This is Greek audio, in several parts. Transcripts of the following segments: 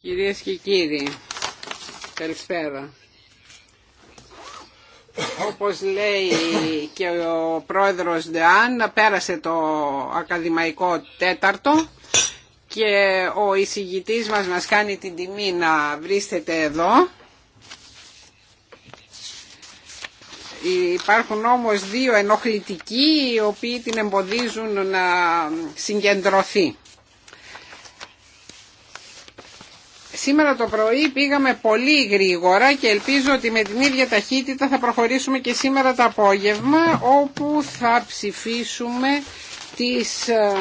Κυρίες και κύριοι, καλησπέρα. Όπως λέει και ο πρόεδρος Ντεάν, πέρασε το ακαδημαϊκό τέταρτο και ο εισηγητής μας μας κάνει την τιμή να βρίσκεται εδώ. Υπάρχουν όμως δύο ενοχλητικοί οι οποίοι την εμποδίζουν να συγκεντρωθεί. Σήμερα το πρωί πήγαμε πολύ γρήγορα και ελπίζω ότι με την ίδια ταχύτητα θα προχωρήσουμε και σήμερα το απόγευμα όπου θα ψηφίσουμε τις ε,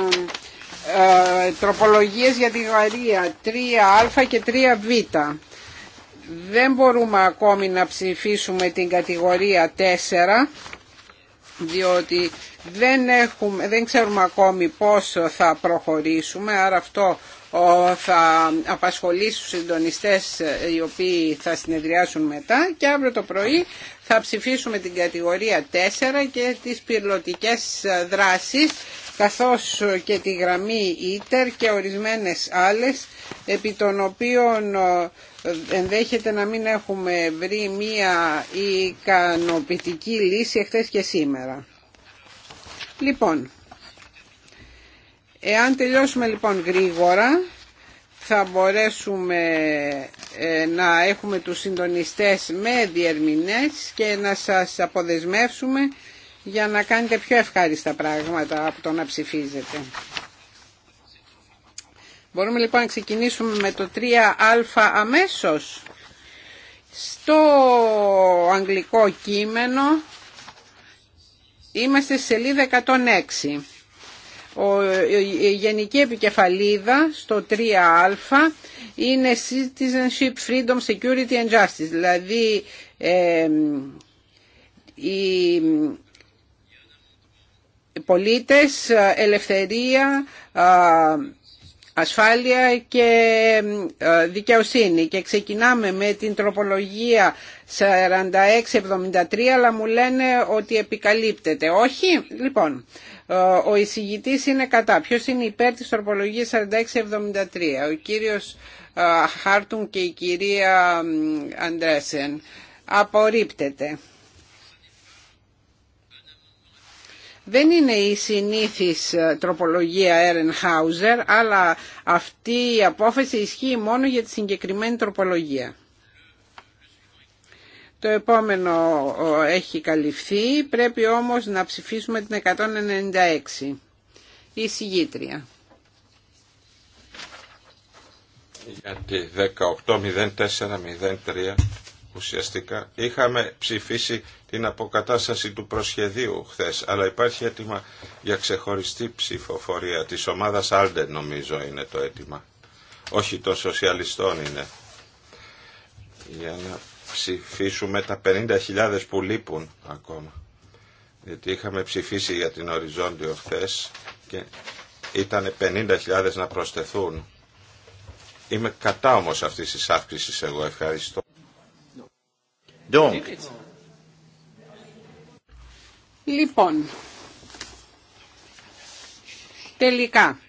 ε, τροπολογίες για τη Γαρία 3α και 3β. Δεν μπορούμε ακόμη να ψηφίσουμε την κατηγορία 4 διότι δεν, έχουμε, δεν ξέρουμε ακόμη πόσο θα προχωρήσουμε άρα αυτό θα απασχολήσει τους συντονιστές ε, οι οποίοι θα συνεδριάσουν μετά και αύριο το πρωί θα ψηφίσουμε την κατηγορία 4 και τις πυρλωτικές ε, δράσεις καθώς ε, και τη γραμμή ίτερ και ορισμένες άλλες επί των οποίων ενδέχεται να μην έχουμε βρει μία ικανοποιητική λύση εχθές και σήμερα. Λοιπόν, Εάν τελειώσουμε λοιπόν γρήγορα θα μπορέσουμε ε, να έχουμε τους συντονιστές με διερμηνές και να σας αποδεσμεύσουμε για να κάνετε πιο ευχάριστα πράγματα από το να ψηφίζετε. Μπορούμε λοιπόν να ξεκινήσουμε με το 3α αμέσως. Στο αγγλικό κείμενο είμαστε σελίδα 106 η γενική επικεφαλίδα στο 3α είναι Citizenship, Freedom, Security and Justice. Δηλαδή ε, οι πολίτες, ελευθερία, ασφάλεια και δικαιοσύνη. Και ξεκινάμε με την τροπολογία 4673, αλλά μου λένε ότι επικαλύπτεται. Όχι, λοιπόν... Ε, ο εισηγητή είναι κατά. Ποιο είναι υπέρ τη τροπολογία 4673. Ο κύριο ε, Χάρτουν και η κυρία Αντρέσεν. Απορρίπτεται. Δεν είναι η συνήθις ε, τροπολογία Ερεν Χάουζερ, αλλά αυτή η απόφαση ισχύει μόνο για τη συγκεκριμένη τροπολογία. Το επόμενο έχει καλυφθεί, πρέπει όμως να ψηφίσουμε την 196. Η συγγήτρια. Για τη 18.04.03 ουσιαστικά είχαμε ψηφίσει την αποκατάσταση του προσχεδίου χθες, αλλά υπάρχει αίτημα για ξεχωριστή ψηφοφορία της ομάδας Άλντε νομίζω είναι το αίτημα. Όχι των σοσιαλιστών είναι. Για να ψηφίσουμε τα 50.000 που λείπουν ακόμα. Γιατί είχαμε ψηφίσει για την οριζόντιο χθε και ήταν 50.000 να προσθεθούν. Είμαι κατά όμως αυτής της αύξησης εγώ. Ευχαριστώ. Λοιπόν, τελικά,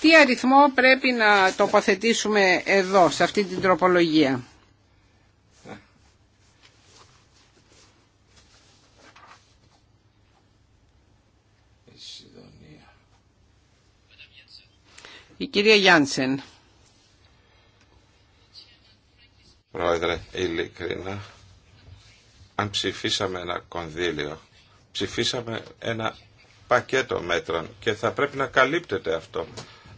τι αριθμό πρέπει να τοποθετήσουμε εδώ, σε αυτή την τροπολογία. Η κυρία Γιάνσεν. Πρόεδρε, ειλικρινά, αν ψηφίσαμε ένα κονδύλιο, ψηφίσαμε ένα πακέτο μέτρων και θα πρέπει να καλύπτεται αυτό.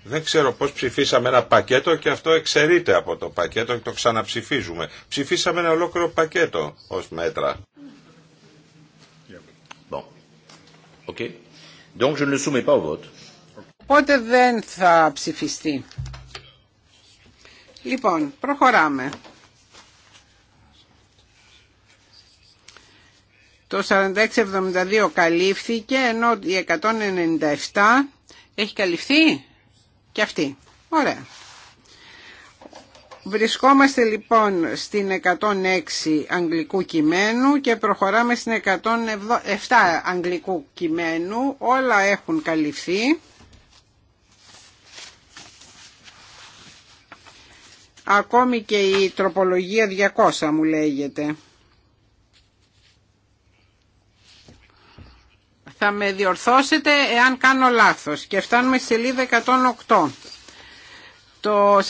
Δεν ξέρω πώς ψηφίσαμε ένα πακέτο και αυτό εξαιρείται από το πακέτο και το ξαναψηφίζουμε. Ψηφίσαμε ένα ολόκληρο πακέτο ως μέτρα. Okay. Donc je ne soumets pas au vote οπότε δεν θα ψηφιστεί. Λοιπόν, προχωράμε. Το 4672 καλύφθηκε, ενώ η 197 έχει καλυφθεί και αυτή. Ωραία. Βρισκόμαστε λοιπόν στην 106 αγγλικού κειμένου και προχωράμε στην 107 αγγλικού κειμένου. Όλα έχουν καλυφθεί. ακόμη και η τροπολογία 200 μου λέγεται. Θα με διορθώσετε εάν κάνω λάθος και φτάνουμε στη σελίδα 108. Το 4677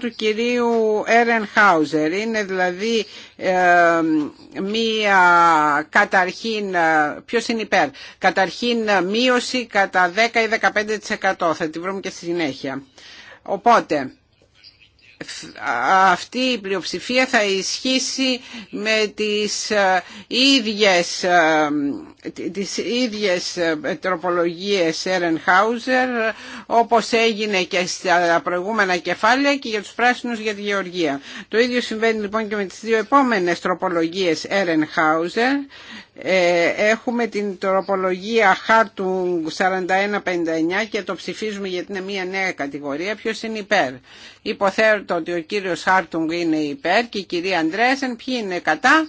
του κυρίου Έρεν Χάουζερ. είναι δηλαδή ε, μία καταρχήν, ε, ποιος είναι υπέρ, καταρχήν ε, μείωση κατά 10 ή 15% θα τη βρούμε και στη συνέχεια. Οπότε αυτή η πλειοψηφία θα ισχύσει με τις ε, ίδιες, ε, τις ίδιες ε, τροπολογίες Ερενχάουζερ όπως έγινε και στα προηγούμενα κεφάλαια και για τους πράσινους για τη γεωργία. Το ίδιο συμβαίνει λοιπόν και με τις δύο επόμενες τροπολογίες Χάουζερ. Ε, έχουμε την τροπολογία χάρτου 4159 και το ψηφίζουμε γιατί είναι μια νέα κατηγορία. Ποιο είναι υπέρ. Υποθέτω ότι ο κύριος Χάρτουγκ είναι υπέρ και η κυρία Αντρέσεν ποιοι είναι κατά.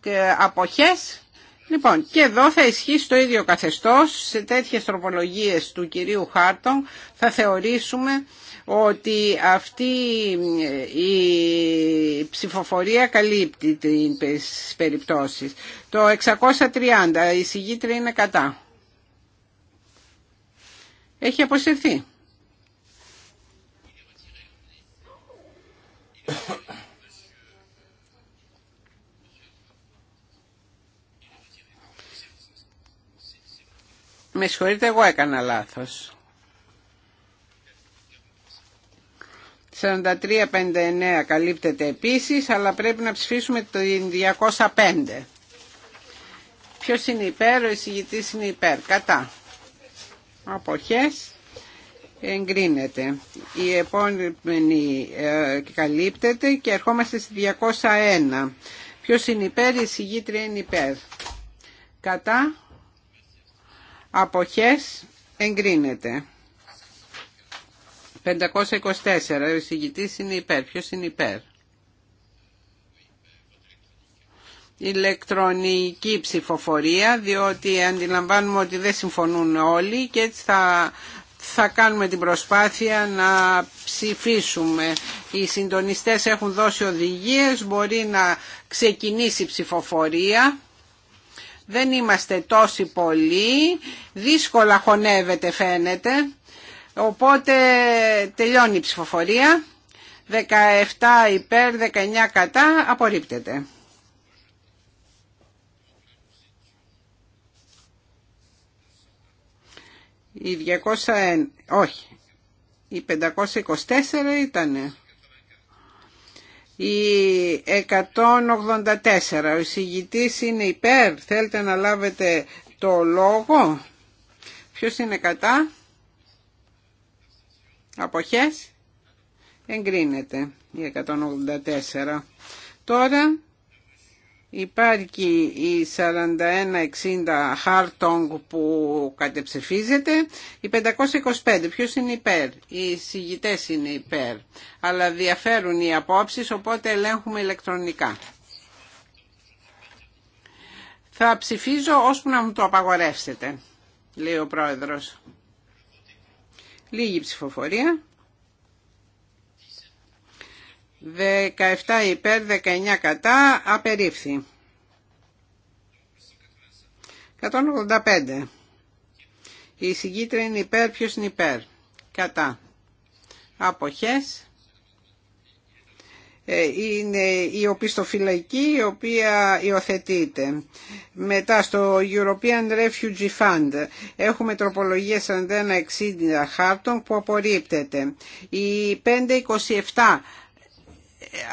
Και αποχές. Λοιπόν, και εδώ θα ισχύσει το ίδιο καθεστώς. Σε τέτοιες τροπολογίες του κυρίου Χάρτον θα θεωρήσουμε ότι αυτή η ψηφοφορία καλύπτει τις περιπτώσεις. Το 630, η συγγήτρια είναι κατά. Έχει αποσυρθεί. Με συγχωρείτε, εγώ έκανα λάθος. 43-59 καλύπτεται επίσης, αλλά πρέπει να ψηφίσουμε το 205. Ποιος είναι υπέρ, ο εισηγητής είναι υπέρ. Κατά. Αποχές. Εγκρίνεται. Η επόμενη ε, καλύπτεται και ερχόμαστε στη 201. Ποιος είναι υπέρ, η εισηγήτρια είναι υπέρ. Κατά. Αποχές. Εγκρίνεται. 524. Ο εισηγητή είναι υπέρ. Ποιο είναι υπέρ. ηλεκτρονική ψηφοφορία διότι αντιλαμβάνουμε ότι δεν συμφωνούν όλοι και έτσι θα, θα κάνουμε την προσπάθεια να ψηφίσουμε. Οι συντονιστές έχουν δώσει οδηγίες, μπορεί να ξεκινήσει η ψηφοφορία. Δεν είμαστε τόσοι πολλοί, δύσκολα χωνεύεται φαίνεται. Οπότε τελειώνει η ψηφοφορία. 17 υπέρ, 19 κατά, απορρίπτεται. Η 201, όχι, η 524 ήταν. Η 184, ο εισηγητής είναι υπέρ, θέλετε να λάβετε το λόγο. Ποιος είναι κατά. Αποχές. Εγκρίνεται η 184. Τώρα υπάρχει η 4160 Χάρτονγκ που κατεψηφίζεται. Η 525. Ποιος είναι υπέρ. Οι συγητές είναι υπέρ. Αλλά διαφέρουν οι απόψεις οπότε ελέγχουμε ηλεκτρονικά. Θα ψηφίζω ώσπου να μου το απαγορεύσετε, λέει ο πρόεδρος. Λίγη ψηφοφορία. 17 υπέρ, 19 κατά, απερίφθη. 185. Η συγκίτρια είναι υπέρ, ποιος είναι υπέρ. Κατά. Αποχές. Ε, είναι η οπισθοφυλακή η οποία υιοθετείται. Μετά στο European Refugee Fund έχουμε τροπολογία 41-60 χάρτων που απορρίπτεται. Η 527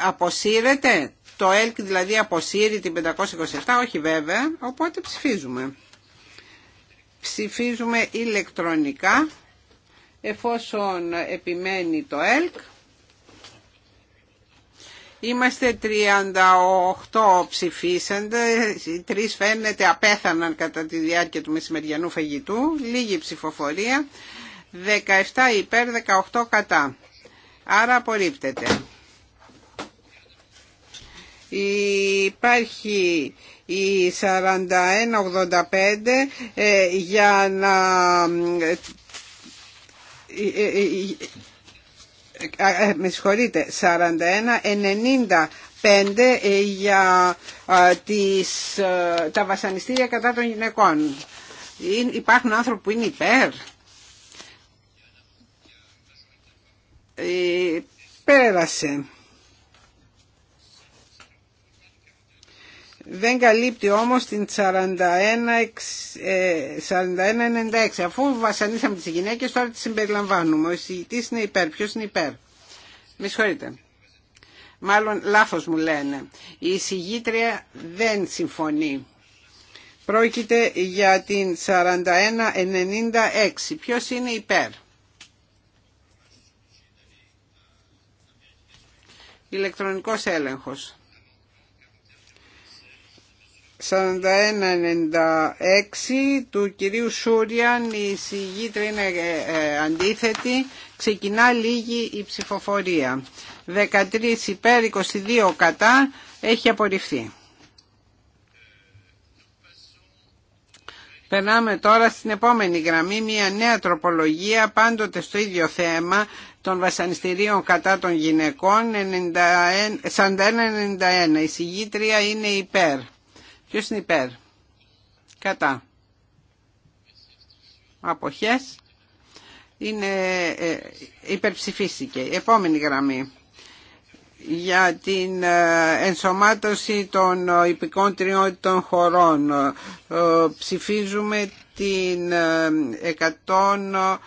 αποσύρεται, το ΕΛΚ δηλαδή αποσύρει την 527, όχι βέβαια, οπότε ψηφίζουμε. Ψηφίζουμε ηλεκτρονικά εφόσον επιμένει το ΕΛΚ. Είμαστε 38 ψηφίσαντε, οι τρεις φαίνεται απέθαναν κατά τη διάρκεια του μεσημεριανού φαγητού, λίγη ψηφοφορία, 17 υπέρ, 18 κατά. Άρα απορρίπτεται. Υπάρχει η 4185 ε, για να ε, ε, ε, με συγχωρείτε, 41-95 ε, για ε, τα βασανιστήρια κατά των γυναικών. Υπάρχουν άνθρωποι που είναι υπέρ. Πέρασε. δεν καλύπτει όμως την 41-96. Ε, Αφού βασανίσαμε τις γυναίκες τώρα τις συμπεριλαμβάνουμε. Ο εισηγητής είναι υπέρ. Ποιος είναι υπέρ. Με συγχωρείτε. Μάλλον λάθος μου λένε. Η εισηγήτρια δεν συμφωνεί. Πρόκειται για την 41-96. Ποιος είναι υπέρ. Ηλεκτρονικός έλεγχος. 91-96 του κυρίου Σούριαν η συγγήτρια είναι ε, ε, αντίθετη ξεκινά λίγη η ψηφοφορία 13 υπέρ 22 κατά έχει απορριφθεί Περνάμε τώρα στην επόμενη γραμμή, μια νέα τροπολογία, πάντοτε στο ίδιο θέμα των βασανιστήριων κατά των γυναικών, 41-91. Ε, η συγγήτρια είναι υπέρ. Ποιος είναι υπέρ. Κατά. Αποχές. Είναι, ε, υπερψηφίστηκε. Επόμενη γραμμή για την ε, ενσωμάτωση των ε, υπηκών τριών χωρών. Ψηφίζουμε την 186.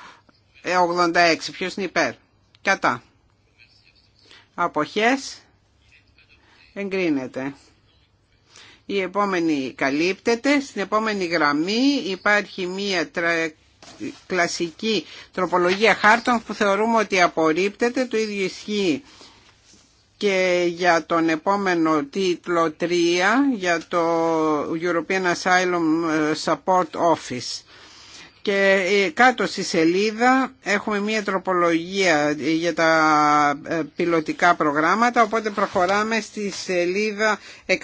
Ποιος είναι υπέρ. Κατά. Αποχές. Εγκρίνεται. Η επόμενη καλύπτεται. Στην επόμενη γραμμή υπάρχει μία κλασική τροπολογία χάρτων που θεωρούμε ότι απορρίπτεται. Το ίδιο ισχύει και για τον επόμενο τίτλο 3 για το European Asylum Support Office. Και ε, κάτω στη σελίδα έχουμε μία τροπολογία ε, για τα ε, πιλωτικά προγράμματα, οπότε προχωράμε στη σελίδα 111.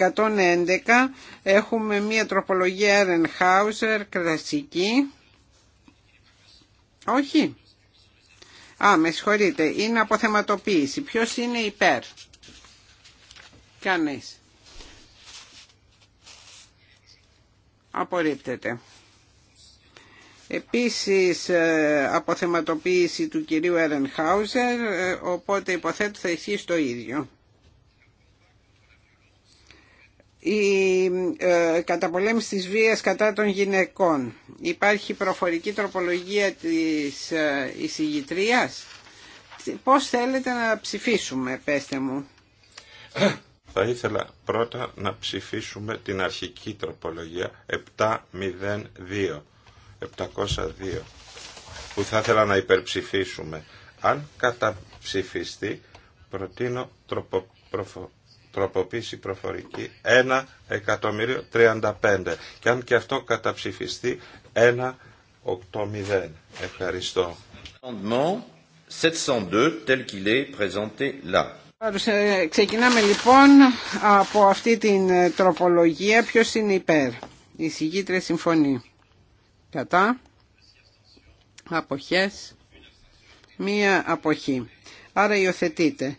Έχουμε μία τροπολογία Ehrenhauser, κλασική. Όχι. Α, με συγχωρείτε. Είναι αποθεματοποίηση. Ποιος είναι υπέρ. Κανείς. Απορρίπτεται. Επίσης ε, αποθεματοποίηση του κυρίου Ερενχάουζερ, ε, οπότε υποθέτω θα ισχύει στο ίδιο. Η ε, καταπολέμηση της βίας κατά των γυναικών. Υπάρχει προφορική τροπολογία της ε, εισηγητρίας. Πώς θέλετε να ψηφίσουμε, πέστε μου. Θα ήθελα πρώτα να ψηφίσουμε την αρχική τροπολογία 702 702 που θα ήθελα να υπερψηφίσουμε. Αν καταψηφιστεί, προτείνω τροπο, προφο, τροποποίηση προφορική 1 εκατομμύριο 35. Και αν και αυτό καταψηφιστεί, 1.80. Ευχαριστώ. 702, tel qu'il est présenté là. Ε, ξεκινάμε λοιπόν από αυτή την τροπολογία. Ποιος είναι υπέρ. Η συγκίτρια συμφωνεί κατά αποχές μία αποχή άρα υιοθετείτε.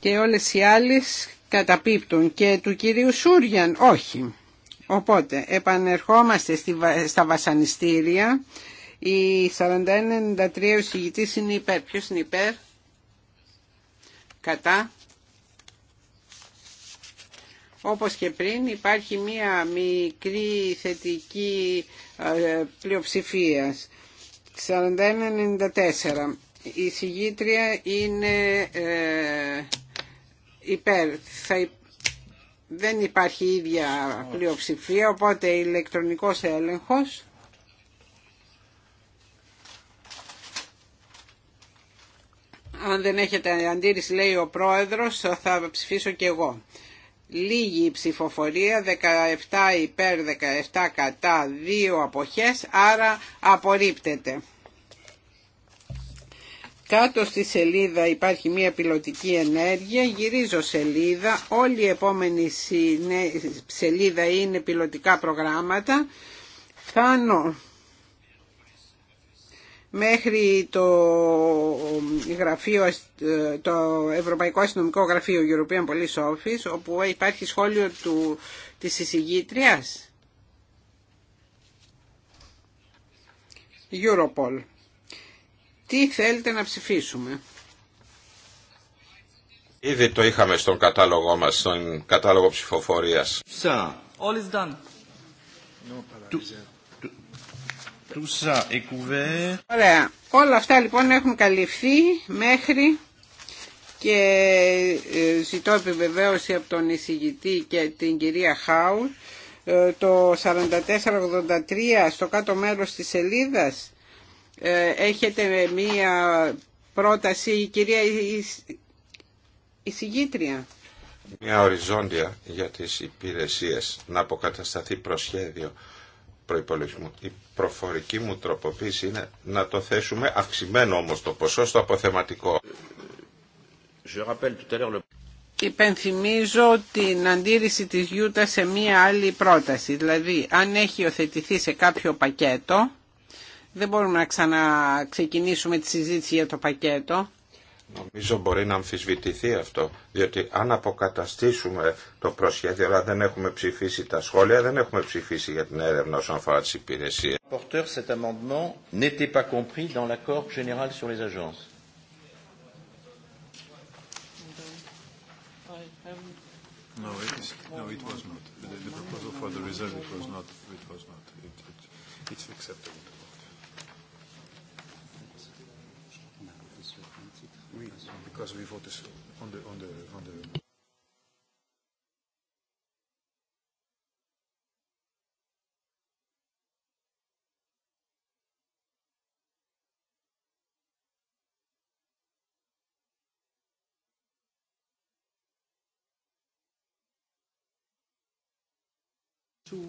και όλες οι άλλες καταπίπτουν και του κυρίου Σούριαν όχι οπότε επανερχόμαστε στα βασανιστήρια η 41-93 ο είναι υπέρ ποιος είναι υπέρ κατά όπως και πριν υπάρχει μία μικρή θετική ε, πλειοψηφία. 41-94. Η συγγήτρια είναι ε, υπέρ. Θα δεν υπάρχει ίδια πλειοψηφία, οπότε ηλεκτρονικός έλεγχος. Αν δεν έχετε αντίρρηση, λέει ο πρόεδρος, θα ψηφίσω και εγώ. Λίγη ψηφοφορία, 17 υπέρ, 17 κατά, 2 αποχές, άρα απορρίπτεται. Κάτω στη σελίδα υπάρχει μια πιλωτική ενέργεια, γυρίζω σελίδα, όλη η επόμενη σελίδα είναι πιλωτικά προγράμματα. Φτάνω μέχρι το, γραφείο, το Ευρωπαϊκό Αστυνομικό Γραφείο European Police Office όπου υπάρχει σχόλιο του, της εισηγήτριας Europol Τι θέλετε να ψηφίσουμε Ήδη το είχαμε στον κατάλογό μας, στον κατάλογο ψηφοφορίας. So, all is done. Ωραία. Όλα αυτά λοιπόν έχουν καλυφθεί μέχρι και ε, ζητώ επιβεβαίωση από τον εισηγητή και την κυρία Χάου ε, το 4483 στο κάτω μέρος της σελίδας ε, έχετε μία πρόταση η κυρία εισηγήτρια μια οριζόντια για τις υπηρεσίες να αποκατασταθεί προσχέδιο η προφορική μου τροποποίηση είναι να το θέσουμε αυξημένο όμω το ποσό στο αποθεματικό. Υπενθυμίζω την αντίρρηση της Γιούτα σε μία άλλη πρόταση. Δηλαδή, αν έχει οθετηθεί σε κάποιο πακέτο, δεν μπορούμε να ξαναξεκινήσουμε τη συζήτηση για το πακέτο. Νομίζω μπορεί να αμφισβητηθεί αυτό, διότι αν αποκαταστήσουμε το προσχέδιο, αλλά δεν έχουμε ψηφίσει τα σχόλια, δεν έχουμε ψηφίσει για την έρευνα όσον αφορά τις υπηρεσίες. cet amendement n'était pas compris dans l'accord général sur les because we voted on the on the on the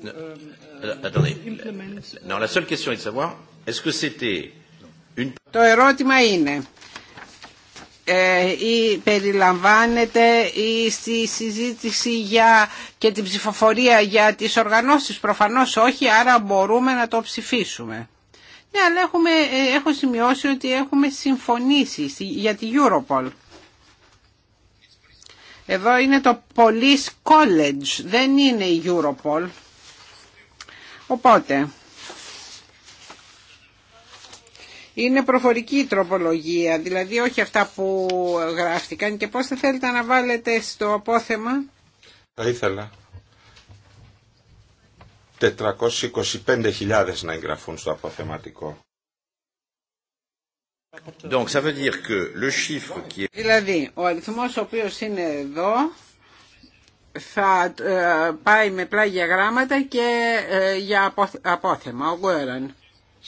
Non. Euh, Attendez. Non, la seule question est de savoir est-ce que c'était une. Le ε, ή περιλαμβάνεται ή στη συζήτηση για, και την ψηφοφορία για τις οργανώσεις. Προφανώς όχι, άρα μπορούμε να το ψηφίσουμε. Ναι, αλλά έχουμε, ε, έχω σημειώσει ότι έχουμε συμφωνήσει για τη Europol. Εδώ είναι το Police College, δεν είναι η Europol. Οπότε, είναι προφορική τροπολογία, δηλαδή όχι αυτά που γράφτηκαν και πώς θα θέλετε να βάλετε στο απόθεμα. Θα ήθελα 425.000 να εγγραφούν στο αποθεματικό. Donc, ça veut dire que le chiffre qui... Δηλαδή, ο αριθμός ο οποίος είναι εδώ θα ε, πάει με πλάγια γράμματα και ε, για απόθεμα, ο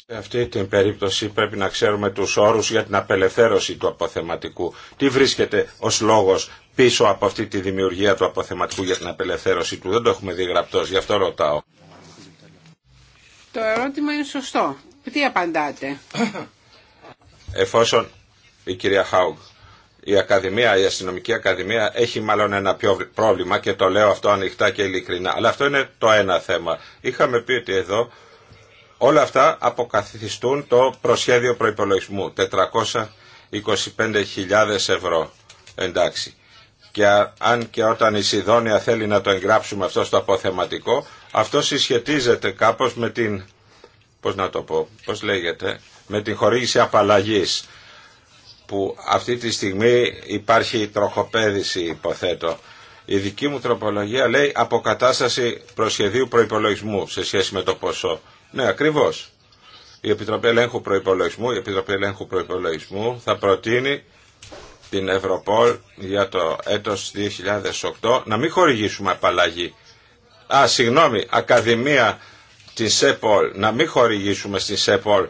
σε αυτή την περίπτωση πρέπει να ξέρουμε τους όρους για την απελευθέρωση του αποθεματικού. Τι βρίσκεται ως λόγος πίσω από αυτή τη δημιουργία του αποθεματικού για την απελευθέρωση του. Δεν το έχουμε δει γραπτός, γι' αυτό ρωτάω. Το ερώτημα είναι σωστό. Τι απαντάτε. Εφόσον η κυρία Χάουγκ η Ακαδημία, η Αστυνομική Ακαδημία έχει μάλλον ένα πιο πρόβλημα και το λέω αυτό ανοιχτά και ειλικρινά. Αλλά αυτό είναι το ένα θέμα. Είχαμε πει ότι εδώ Όλα αυτά αποκαθιστούν το προσχέδιο προϋπολογισμού 425.000 ευρώ. Εντάξει. Και αν και όταν η Σιδόνια θέλει να το εγγράψουμε αυτό στο αποθεματικό, αυτό συσχετίζεται κάπως με την, πώς να το πω, πώς λέγεται, με την χορήγηση απαλλαγής που αυτή τη στιγμή υπάρχει τροχοπέδηση υποθέτω. Η δική μου τροπολογία λέει αποκατάσταση προσχεδίου προϋπολογισμού σε σχέση με το ποσό ναι, ακριβώς. Η Επιτροπή Ελέγχου προπολογισμού, η Επιτροπή Ελέγχου θα προτείνει την Ευρωπόλ για το έτος 2008 να μην χορηγήσουμε απαλλαγή. Α, συγγνώμη, Ακαδημία της ΕΠΟΛ, να μην χορηγήσουμε στην ΕΠΟΛ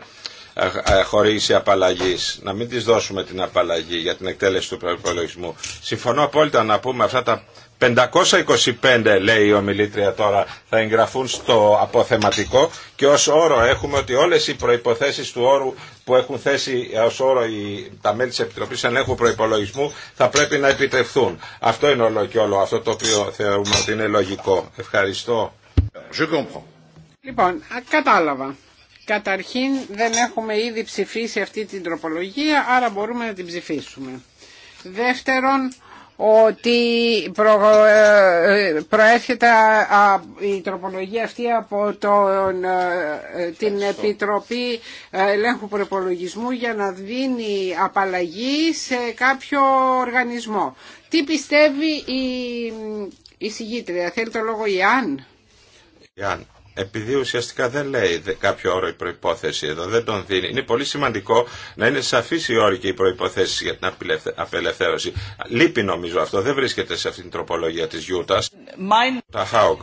ε, Χωρί απαλλαγή. Να μην τις δώσουμε την απαλλαγή για την εκτέλεση του προπολογισμού. Συμφωνώ απόλυτα να πούμε αυτά τα 525 λέει η ομιλήτρια τώρα θα εγγραφούν στο αποθεματικό και ως όρο έχουμε ότι όλες οι προϋποθέσεις του όρου που έχουν θέσει ως όρο οι, τα μέλη της Επιτροπής Ελέγχου Προϋπολογισμού θα πρέπει να επιτευχθούν. Αυτό είναι όλο και όλο αυτό το οποίο θεωρούμε ότι είναι λογικό. Ευχαριστώ. Λοιπόν, κατάλαβα. Καταρχήν δεν έχουμε ήδη ψηφίσει αυτή την τροπολογία, άρα μπορούμε να την ψηφίσουμε. Δεύτερον, ότι ε, προέρχεται η τροπολογία αυτή από τον, ε, την Επιτροπή Ελέγχου Προπολογισμού για να δίνει απαλλαγή σε κάποιο οργανισμό. Τι πιστεύει η, η συγγήτρια, θέλει το λόγο η Αν. Η Αν επειδή ουσιαστικά δεν λέει κάποιο όρο η προϋπόθεση εδώ, δεν τον δίνει. Είναι πολύ σημαντικό να είναι σαφής η όρη και οι προϋποθέσεις για την απελευθέρωση. Λείπει νομίζω αυτό, δεν βρίσκεται σε αυτήν την τροπολογία της Γιούτα. Τα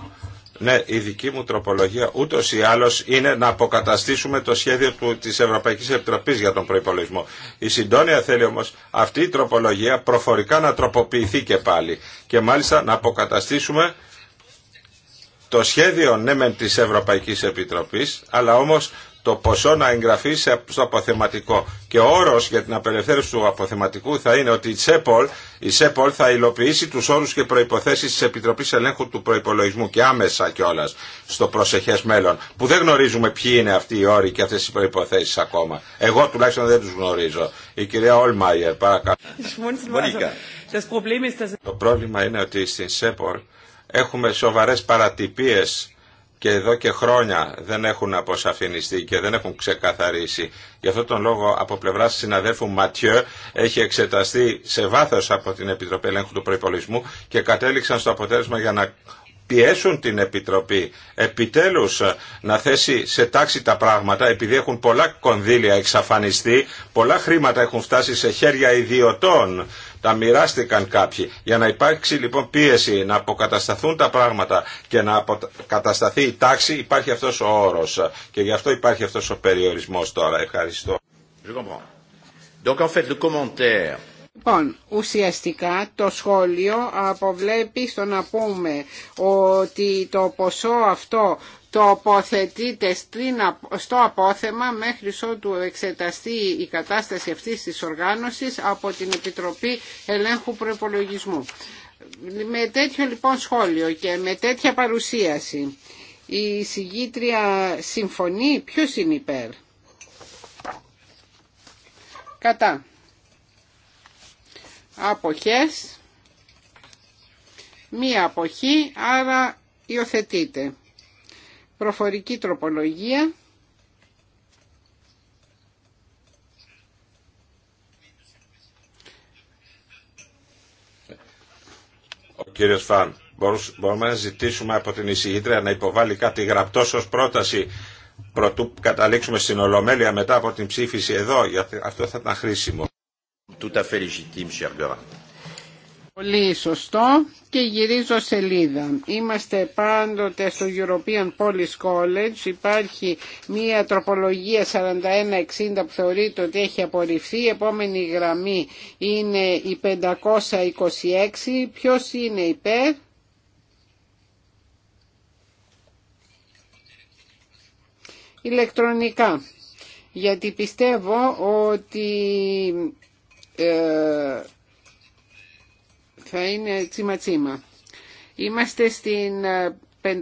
Ναι, η δική μου τροπολογία ούτω ή άλλω είναι να αποκαταστήσουμε το σχέδιο της Ευρωπαϊκής Επιτροπής για τον προπολογισμό. Η συντόνια θέλει όμως αυτή η τροπολογία προφορικά να τροποποιηθεί και πάλι. Και μάλιστα να αποκαταστήσουμε το σχέδιο ναι μεν της Ευρωπαϊκής Επιτροπής, αλλά όμως το ποσό να εγγραφεί στο αποθεματικό. Και ο όρος για την απελευθέρωση του αποθεματικού θα είναι ότι η ΣΕΠΟΛ, η ΣΕΠΟΛ θα υλοποιήσει τους όρους και προϋποθέσεις της Επιτροπής Ελέγχου του Προϋπολογισμού και άμεσα κιόλα στο προσεχές μέλλον, που δεν γνωρίζουμε ποιοι είναι αυτοί οι όροι και αυτές οι προϋποθέσεις ακόμα. Εγώ τουλάχιστον δεν τους γνωρίζω. Η κυρία Όλμαϊερ, παρακαλώ. Το πρόβλημα είναι ότι στην ΣΕΠΟΛ Έχουμε σοβαρές παρατυπίες και εδώ και χρόνια δεν έχουν αποσαφινιστεί και δεν έχουν ξεκαθαρίσει. Γι' αυτό τον λόγο από πλευρά συναδέλφου Ματιέ έχει εξεταστεί σε βάθος από την Επιτροπή Ελέγχου του Προϋπολογισμού και κατέληξαν στο αποτέλεσμα για να πιέσουν την Επιτροπή επιτέλους να θέσει σε τάξη τα πράγματα επειδή έχουν πολλά κονδύλια εξαφανιστεί, πολλά χρήματα έχουν φτάσει σε χέρια ιδιωτών τα μοιράστηκαν κάποιοι. Για να υπάρξει λοιπόν πίεση, να αποκατασταθούν τα πράγματα και να αποκατασταθεί η τάξη, υπάρχει αυτός ο όρος. Και γι' αυτό υπάρχει αυτός ο περιορισμός τώρα. Ευχαριστώ. Λοιπόν, ουσιαστικά το σχόλιο αποβλέπει στο να πούμε ότι το ποσό αυτό τοποθετείται στο απόθεμα μέχρι ότου εξεταστεί η κατάσταση αυτή της οργάνωσης από την Επιτροπή Ελέγχου Προπολογισμού. Με τέτοιο λοιπόν σχόλιο και με τέτοια παρουσίαση η συγγήτρια συμφωνεί ποιος είναι υπέρ. Κατά. Αποχές. Μία αποχή, άρα υιοθετείται προφορική τροπολογία. Ο κύριος Φαν, μπορούμε να ζητήσουμε από την εισηγήτρια να υποβάλει κάτι γραπτό ως πρόταση προτού καταλήξουμε στην Ολομέλεια μετά από την ψήφιση εδώ, γιατί αυτό θα ήταν χρήσιμο. Tout à fait légitime, Πολύ σωστό και γυρίζω σελίδα. Είμαστε πάντοτε στο European Police College. Υπάρχει μία τροπολογία 4160 που θεωρείται ότι έχει απορριφθεί. Η επόμενη γραμμή είναι η 526. Ποιος είναι υπέρ? Ηλεκτρονικά. Γιατί πιστεύω ότι... Ε, θα είναι τσίμα τσίμα. Είμαστε στην 526. Ε,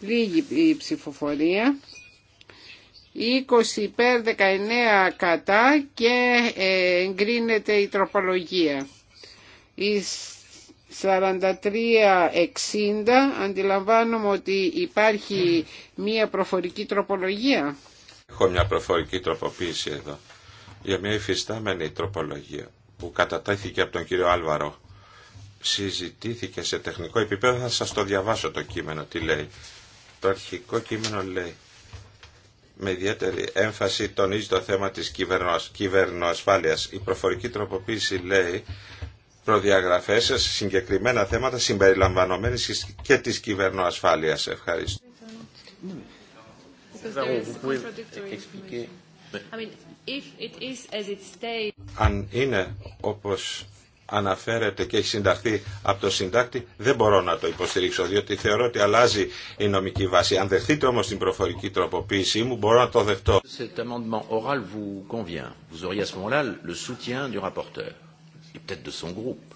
Λίγη η ψηφοφορία. 20 υπέρ 19 κατά και ε, εγκρίνεται η τροπολογία. Η 43-60 αντιλαμβάνομαι ότι υπάρχει μία προφορική τροπολογία. Έχω μια προφορική τροποποίηση εδώ για μια υφιστάμενη τροπολογία που κατατάθηκε από τον κύριο Άλβαρο συζητήθηκε σε τεχνικό επίπεδο θα σας το διαβάσω το κείμενο τι λέει το αρχικό κείμενο λέει με ιδιαίτερη έμφαση τονίζει το θέμα της κυβερνοασφάλειας. Η προφορική τροποποίηση λέει προδιαγραφές σε συγκεκριμένα θέματα συμπεριλαμβανομένης και της κυβερνοασφάλειας. Ευχαριστώ. If it is as it stays... Αν είναι όπως αναφέρεται και έχει συνταχθεί από το συντάκτη, δεν μπορώ να το υποστηρίξω, διότι θεωρώ ότι αλλάζει η νομική βάση. Αν δεχτείτε όμως την προφορική τροποποίησή μου, μπορώ να το δεχτώ. Cet amendement oral vous convient. Vous auriez à ce moment-là le soutien du rapporteur, et peut-être de son groupe.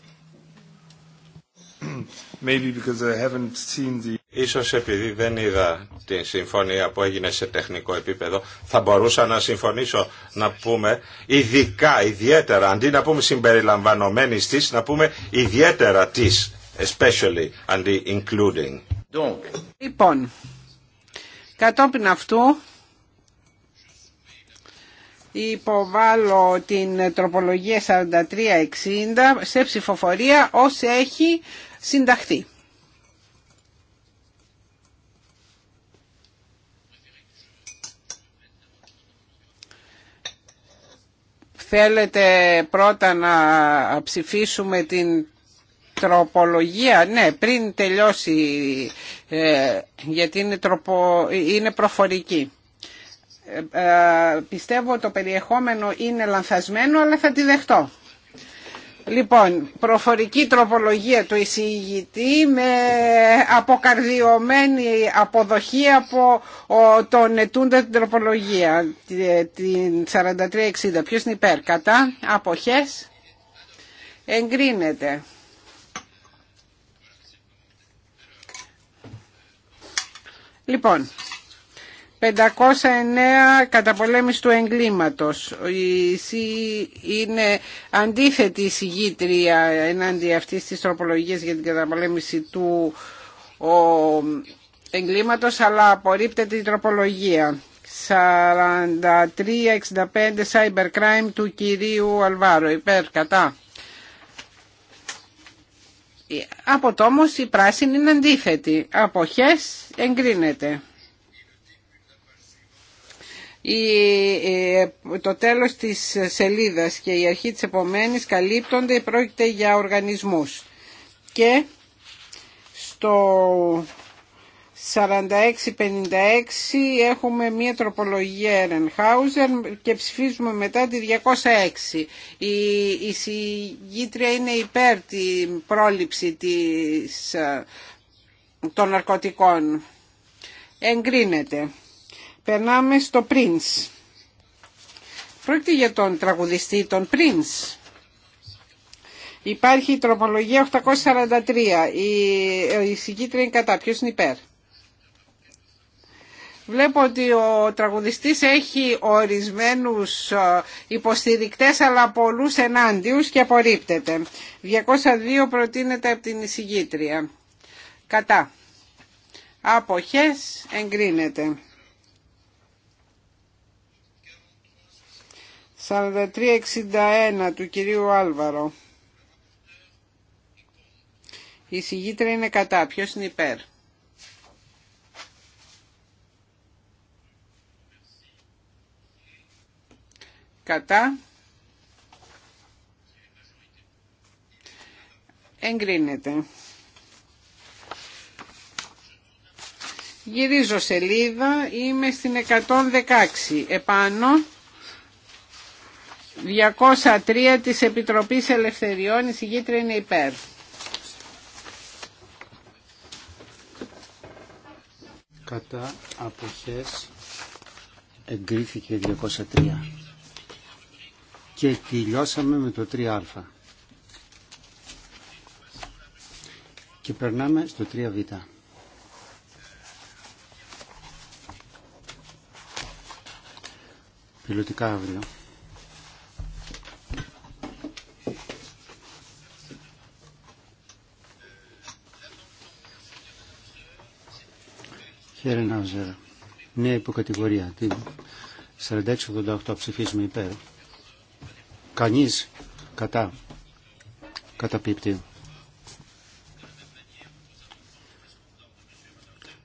Maybe because I haven't seen the... Ίσως επειδή δεν είδα την συμφωνία που έγινε σε τεχνικό επίπεδο, θα μπορούσα να συμφωνήσω να πούμε ειδικά, ιδιαίτερα, αντί να πούμε συμπεριλαμβανομένη της, να πούμε ιδιαίτερα της, especially, αντί including. Λοιπόν, κατόπιν αυτού υποβάλλω την τροπολογία 4360 σε ψηφοφορία όσοι έχει συνταχθεί. Θέλετε πρώτα να ψηφίσουμε την τροπολογία, ναι, πριν τελειώσει, ε, γιατί είναι, προφορική. Ε, ε, πιστεύω το περιεχόμενο είναι λανθασμένο, αλλά θα τη δεχτώ. Λοιπόν, προφορική τροπολογία του εισηγητή με αποκαρδιωμένη αποδοχή από τον ετούντα την τροπολογία, ε, την 4360. Ποιος είναι υπέρ, κατά, αποχές, εγκρίνεται. Λοιπόν, 509 καταπολέμηση του εγκλήματος. Η ΣΥ είναι αντίθετη συγγήτρια εναντί αυτής της τροπολογίας για την καταπολέμηση του εγκλήματος, αλλά απορρίπτεται η τροπολογία. 65, cybercrime του κυρίου Αλβάρο. Υπέρ, κατά. Ε, από το η πράσινη είναι αντίθετη. Αποχές εγκρίνεται. Ε, το τέλος της σελίδας και η αρχή της επομένης καλύπτονται, πρόκειται για οργανισμούς. Και στο 46-56 έχουμε μία τροπολογία Ερενχάουζερ και ψηφίζουμε μετά τη 206. Η, η συγγήτρια είναι υπέρ την πρόληψη της, ε, των ναρκωτικών. Εγκρίνεται. Περνάμε στο Prince. Πρόκειται για τον τραγουδιστή, τον Prince. Υπάρχει η τροπολογία 843. Η, η συγκίτρια είναι κατά. Ποιος είναι υπέρ. Βλέπω ότι ο τραγουδιστής έχει ορισμένους ε, υποστηρικτές αλλά πολλούς ενάντιους και απορρίπτεται. 202 προτείνεται από την συγκίτρια. Κατά. Αποχές εγκρίνεται. 4361 του κυρίου Άλβαρο. Η συγγήτρια είναι κατά. Ποιος είναι υπέρ. Κατά. Εγκρίνεται. Γυρίζω σελίδα. Είμαι στην 116. Επάνω. 203 της Επιτροπής Ελευθεριών, η συγκήτρια είναι υπέρ. Κατά αποχές εγκρίθηκε 203 και τελειώσαμε με το 3α. Και περνάμε στο 3β. Πιλωτικά αύριο. Κύριε Νάουζερ, Ναζέρα. υποκατηγορία, την 4688 ψηφίσουμε υπέρ. Κανεί κατά, καταπίπτει.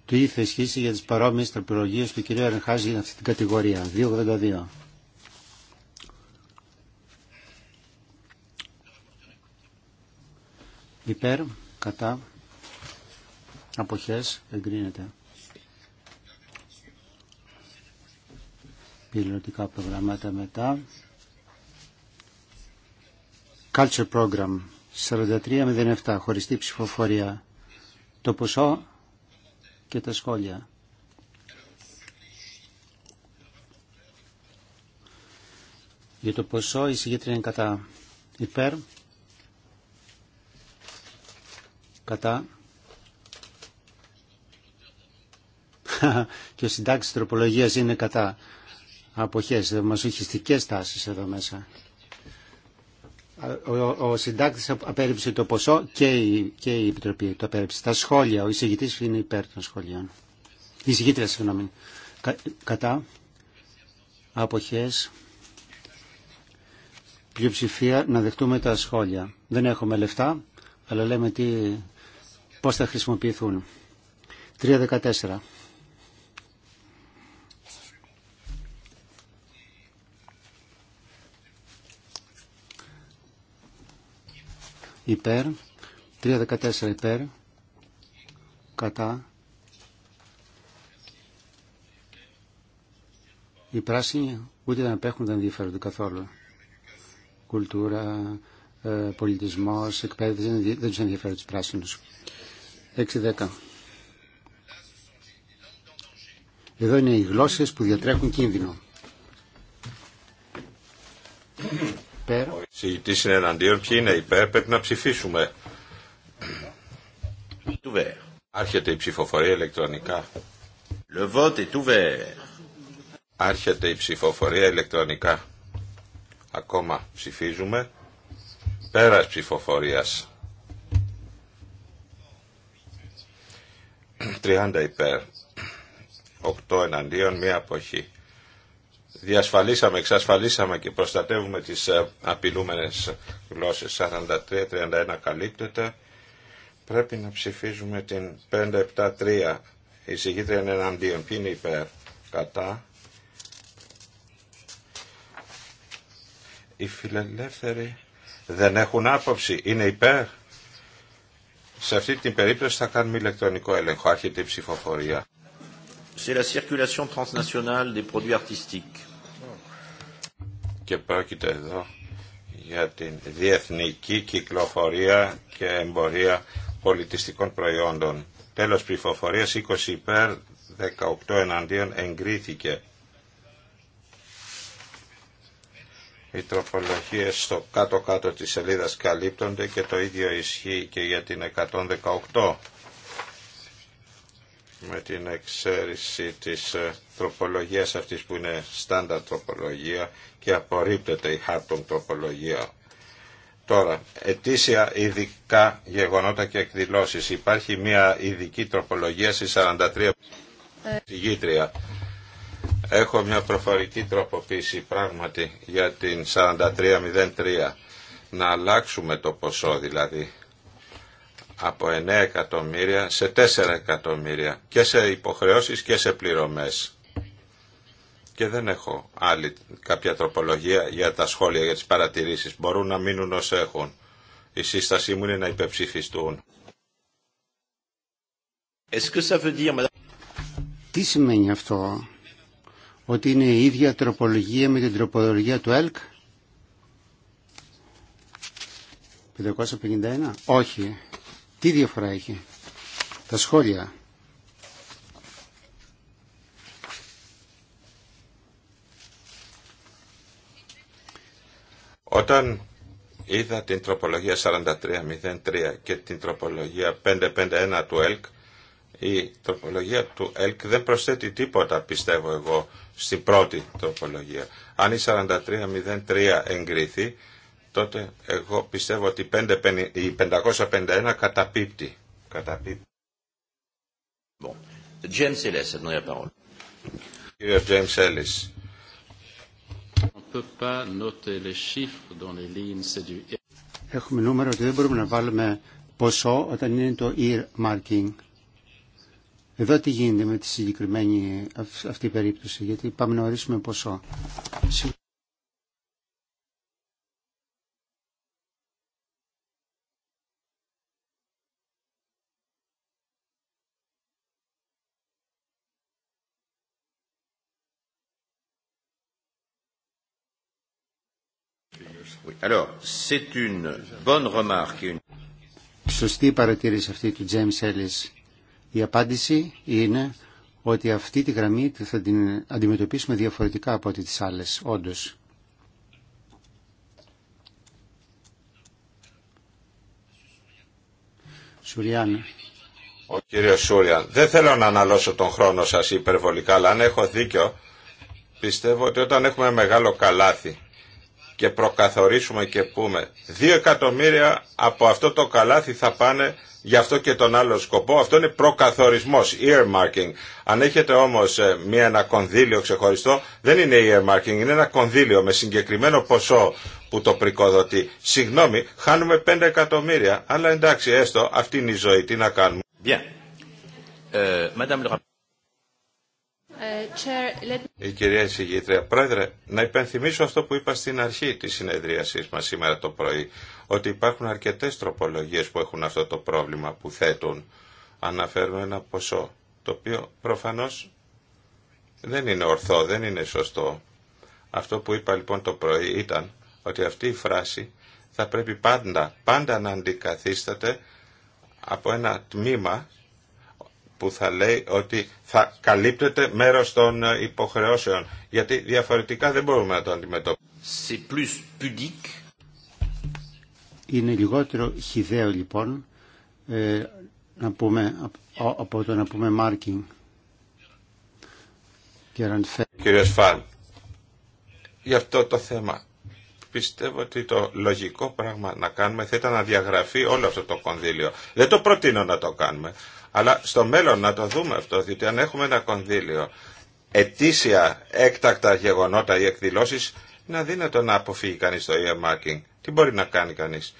Το ίδιο θα ισχύσει για τις παρόμοιες τροπολογίες του κυρίου Αρχάζη για αυτή την κατηγορία, 282. Υπέρ, κατά, αποχές, εγκρίνεται. πιλωτικά προγράμματα μετά. Culture Program 4307 χωριστή ψηφοφορία το ποσό και τα σχόλια. Για το ποσό η συγκέντρια είναι κατά υπέρ, κατά και ο συντάξης τροπολογίας είναι κατά αποχές, μασοχιστικές τάσεις εδώ μέσα. Ο, ο, συντάκτης απέριψε το ποσό και η, και η Επιτροπή το απέριψε. Τα σχόλια, ο εισηγητής είναι υπέρ των σχολείων. Η εισηγήτρια, συγγνώμη. Κα, κατά αποχές, πλειοψηφία, να δεχτούμε τα σχόλια. Δεν έχουμε λεφτά, αλλά λέμε τι, πώς θα χρησιμοποιηθούν. 3.14. υπέρ, 314 υπέρ, κατά, οι πράσινοι ούτε να απέχουν δεν ενδιαφέρονται καθόλου. Κουλτούρα, ε, πολιτισμός, εκπαίδευση δεν τους ενδιαφέρει τους πράσινους. 6-10. Εδώ είναι οι γλώσσες που διατρέχουν κίνδυνο. Πέρα. Συγητής είναι εναντίον. Ποιοι είναι υπέρ. Πρέπει να ψηφίσουμε. Άρχεται η ψηφοφορία ηλεκτρονικά. Le vote est Άρχεται η ψηφοφορία ηλεκτρονικά. Ακόμα ψηφίζουμε. Πέρας ψηφοφορία. 30 υπέρ. 8 εναντίον, μία αποχή διασφαλίσαμε, εξασφαλίσαμε και προστατεύουμε τις ε, απειλούμενες γλώσσες 43-31 καλύπτεται πρέπει να ψηφίζουμε την 573 η συγκιτρια είναι εναντίον ποιοι είναι υπέρ κατά οι φιλελεύθεροι δεν έχουν άποψη είναι υπέρ σε αυτή την περίπτωση θα κάνουμε ηλεκτρονικό έλεγχο άρχεται η ψηφοφορία c'est Και πρόκειται εδώ για την διεθνική κυκλοφορία και εμπορία πολιτιστικών προϊόντων. Τέλος ψηφοφορίας 20 υπέρ 18 εναντίον εγκρίθηκε. Οι τροπολογίες στο κάτω-κάτω της σελίδας καλύπτονται και το ίδιο ισχύει και για την 118 με την εξαίρεση της ε, τροπολογίας αυτής που είναι στάνταρ τροπολογία και απορρίπτεται η χάρτον τροπολογία. Τώρα, ετήσια ειδικά γεγονότα και εκδηλώσεις. Υπάρχει μια ειδική τροπολογία στη 43 γήτρια. Έχω μια προφορική τροποποίηση πράγματι για την 4303. Να αλλάξουμε το ποσό δηλαδή από 9 εκατομμύρια σε 4 εκατομμύρια και σε υποχρεώσεις και σε πληρωμές. Και δεν έχω άλλη κάποια τροπολογία για τα σχόλια, για τις παρατηρήσεις. Μπορούν να μείνουν όσοι έχουν. Η σύστασή μου είναι να υπεψηφιστούν. Τι σημαίνει αυτό, ότι είναι η ίδια τροπολογία με την τροπολογία του ΕΛΚ? 551. Όχι. Τι διαφορά έχει. Τα σχόλια. Όταν είδα την τροπολογία 4303 και την τροπολογία 551 του ΕΛΚ, η τροπολογία του ΕΛΚ δεν προσθέτει τίποτα, πιστεύω εγώ, στην πρώτη τροπολογία. Αν η 4303 εγκρίθει, τότε εγώ πιστεύω ότι η 551 καταπίπτει. καταπίπτει. Bon. James Ellis, Κύριε James Ellis. Έχουμε νούμερο ότι δεν μπορούμε να βάλουμε ποσό όταν είναι το earmarking. Εδώ τι γίνεται με τη συγκεκριμένη αυτή περίπτωση, γιατί πάμε να ορίσουμε ποσό. Σωστή παρατήρηση αυτή του James Ellis. Η απάντηση είναι ότι αυτή τη γραμμή θα την αντιμετωπίσουμε διαφορετικά από ό,τι τις άλλες, όντως. Σουριάν. Ο κύριος Σούριαν, δεν θέλω να αναλώσω τον χρόνο σας υπερβολικά, αλλά αν έχω δίκιο, πιστεύω ότι όταν έχουμε μεγάλο καλάθι, και προκαθορίσουμε και πούμε δύο εκατομμύρια από αυτό το καλάθι θα πάνε για αυτό και τον άλλο σκοπό. Αυτό είναι προκαθορισμός, earmarking. Αν έχετε όμως ε, μια, ένα κονδύλιο ξεχωριστό, δεν είναι earmarking, είναι ένα κονδύλιο με συγκεκριμένο ποσό που το πρικοδοτεί. Συγγνώμη, χάνουμε πέντε εκατομμύρια, αλλά εντάξει, έστω, αυτή είναι η ζωή, τι να κάνουμε. Ε, η κυρία Εισηγήτρια, πρόεδρε, να υπενθυμίσω αυτό που είπα στην αρχή της συνεδρίασής μας σήμερα το πρωί, ότι υπάρχουν αρκετές τροπολογίες που έχουν αυτό το πρόβλημα που θέτουν. Αναφέρουν ένα ποσό, το οποίο προφανώς δεν είναι ορθό, δεν είναι σωστό. Αυτό που είπα λοιπόν το πρωί ήταν ότι αυτή η φράση θα πρέπει πάντα, πάντα να αντικαθίσταται από ένα τμήμα που θα λέει ότι θα καλύπτεται μέρος των ε, υποχρεώσεων, γιατί διαφορετικά δεν μπορούμε να το αντιμετωπίσουμε. Είναι λιγότερο χιδαίο λοιπόν ε, να πούμε, από το να πούμε marking. κύριε Σφάν, για αυτό το θέμα πιστεύω ότι το λογικό πράγμα να κάνουμε θα ήταν να διαγραφεί όλο αυτό το κονδύλιο. Δεν το προτείνω να το κάνουμε, αλλά στο μέλλον να το δούμε αυτό, διότι αν έχουμε ένα κονδύλιο ετήσια έκτακτα γεγονότα ή εκδηλώσεις, είναι αδύνατο να αποφύγει κανείς το earmarking. Τι μπορεί να κάνει κανείς.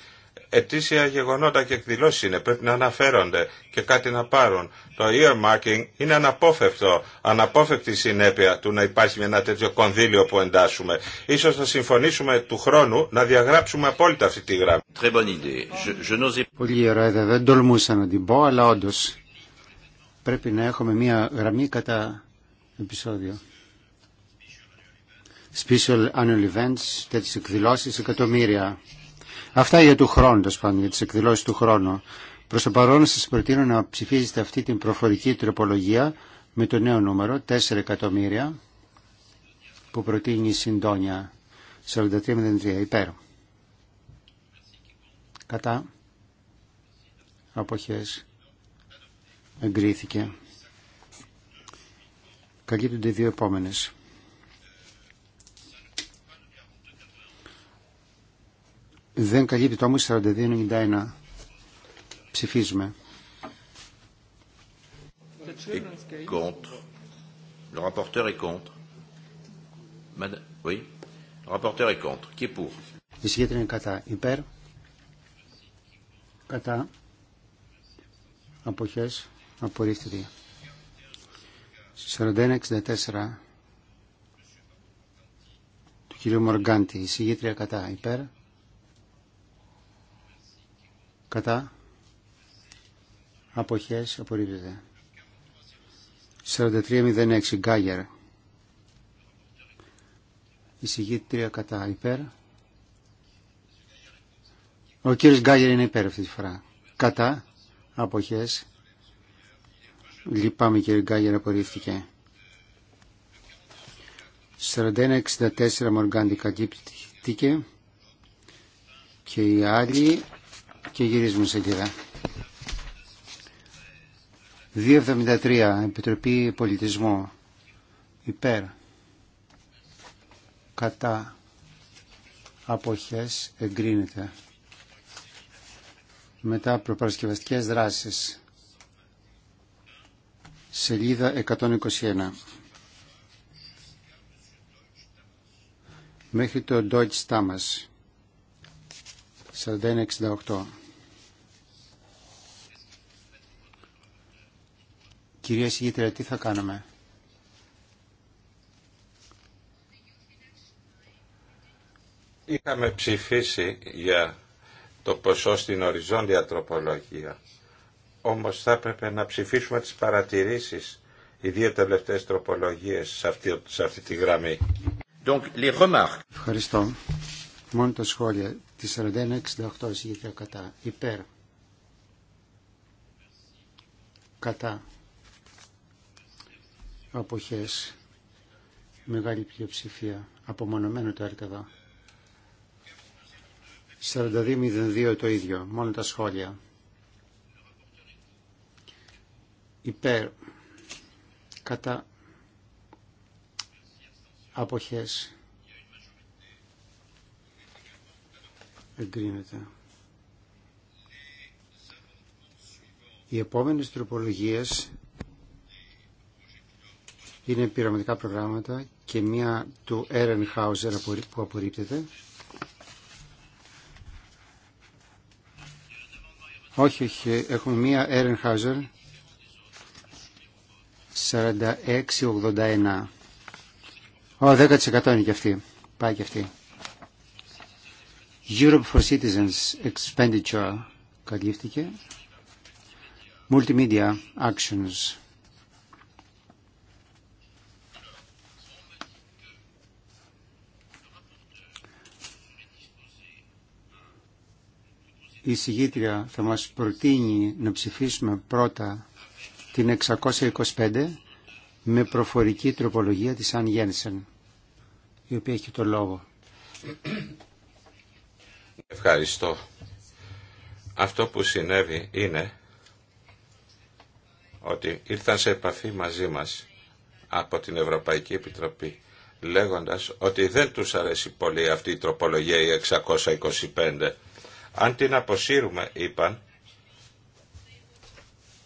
Ετήσια γεγονότα και εκδηλώσεις είναι, πρέπει να αναφέρονται και κάτι να πάρουν. Το earmarking είναι αναπόφευκτο, αναπόφευκτη συνέπεια του να υπάρχει ένα τέτοιο κονδύλιο που εντάσσουμε. Ίσως θα συμφωνήσουμε του χρόνου να διαγράψουμε απόλυτα αυτή τη γραμμή. Πολύ ωραία, δεν τολμούσα να την πω, αλλά όντως πρέπει να έχουμε μία γραμμή κατά επεισόδιο. Special annual events, τέτοιες εκδηλώσεις, εκατομμύρια. Αυτά για του χρόνου, το πάντων, για τις εκδηλώσεις του χρόνου. Προς το παρόν σας προτείνω να ψηφίζετε αυτή την προφορική τροπολογία με το νέο νούμερο, 4 εκατομμύρια, που προτείνει η Συντόνια 4303, υπέρ. Κατά. Αποχές εγκρίθηκε. Καλύπτονται οι δύο επόμενες. Δεν καλύπτει το ομως όμως 42-91. Ψηφίζουμε. Et rapporteur est contre. Oui. Le rapporteur est contre. Qui est pour Η συγκέντρια είναι κατά. Υπέρ. Κατά. Αποχές. Απορρίφθηκε. 41-64 του κυρίου Μοργκάντη. Εισηγήτρια κατά. Υπέρ. Κατά. Αποχές. Απορρίφθηκε. 43-06 Γκάγερ. Εισηγήτρια κατά. Υπέρ. Ο κύριος Γκάγερ είναι υπέρ αυτή τη φορά. Κατά. Αποχές. Λυπάμαι κύριε Γκάγερ, απορρίφθηκε. 41-64 Μοργκάντι και οι άλλοι και γυρίζουμε σελίδα. 273 Επιτροπή Πολιτισμού υπέρ κατά αποχές εγκρίνεται μετά προπαρασκευαστικές δράσεις σελίδα 121. Μέχρι το Deutsch Stammes, 4168. Κυρία Συγγήτρια, τι θα κάνουμε. Είχαμε ψηφίσει για το ποσό στην οριζόντια τροπολογία όμως θα έπρεπε να ψηφίσουμε τις παρατηρήσεις, οι δύο τελευταίες τροπολογίες σε αυτή, σε αυτή τη γραμμή. Ευχαριστώ. Μόνο τα σχόλια. Τη 4168 εισηγήτρια κατά. Υπέρ. Κατά. Αποχές. Μεγάλη πλειοψηφία. Απομονωμένο το έργο εδώ. 42-02 το ίδιο. Μόνο τα σχόλια. υπέρ κατά αποχές εγκρίνεται. Οι επόμενες τροπολογίες είναι πειραματικά προγράμματα και μία του Χάουζερ που απορρίπτεται. Όχι, όχι, έχουμε μία Χάουζερ 4681. Ω, 10% είναι και αυτή. Πάει και αυτή. Europe for Citizens Expenditure καλύφθηκε. Multimedia Actions. Η συγγήτρια θα μας προτείνει να ψηφίσουμε πρώτα την 625 με προφορική τροπολογία της Αν Γένσεν, η οποία έχει το λόγο. Ευχαριστώ. Αυτό που συνέβη είναι ότι ήρθαν σε επαφή μαζί μας από την Ευρωπαϊκή Επιτροπή λέγοντας ότι δεν τους αρέσει πολύ αυτή η τροπολογία η 625. Αν την αποσύρουμε, είπαν,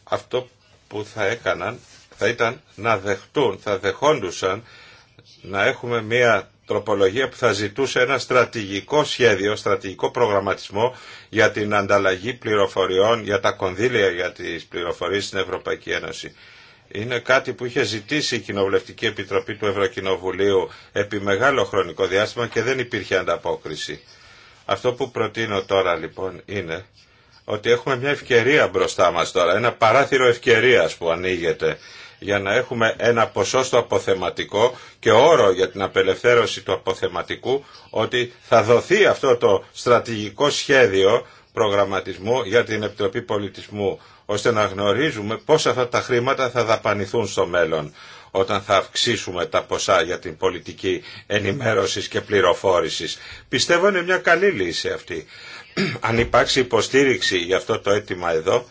αυτό που θα έκαναν θα ήταν να δεχτούν, θα δεχόντουσαν να έχουμε μια τροπολογία που θα ζητούσε ένα στρατηγικό σχέδιο, στρατηγικό προγραμματισμό για την ανταλλαγή πληροφοριών, για τα κονδύλια για τις πληροφορίες στην Ευρωπαϊκή Ένωση. Είναι κάτι που είχε ζητήσει η Κοινοβουλευτική Επιτροπή του Ευρωκοινοβουλίου επί μεγάλο χρονικό διάστημα και δεν υπήρχε ανταπόκριση. Αυτό που προτείνω τώρα λοιπόν είναι ότι έχουμε μια ευκαιρία μπροστά μας τώρα, ένα παράθυρο ευκαιρίας που ανοίγεται για να έχουμε ένα ποσό στο αποθεματικό και όρο για την απελευθέρωση του αποθεματικού ότι θα δοθεί αυτό το στρατηγικό σχέδιο προγραμματισμού για την Επιτροπή Πολιτισμού ώστε να γνωρίζουμε πώς αυτά τα χρήματα θα δαπανηθούν στο μέλλον όταν θα αυξήσουμε τα ποσά για την πολιτική ενημέρωσης και πληροφόρησης. Πιστεύω είναι μια καλή λύση αυτή. αν υπάρξει υποστήριξη για αυτό το αίτημα εδώ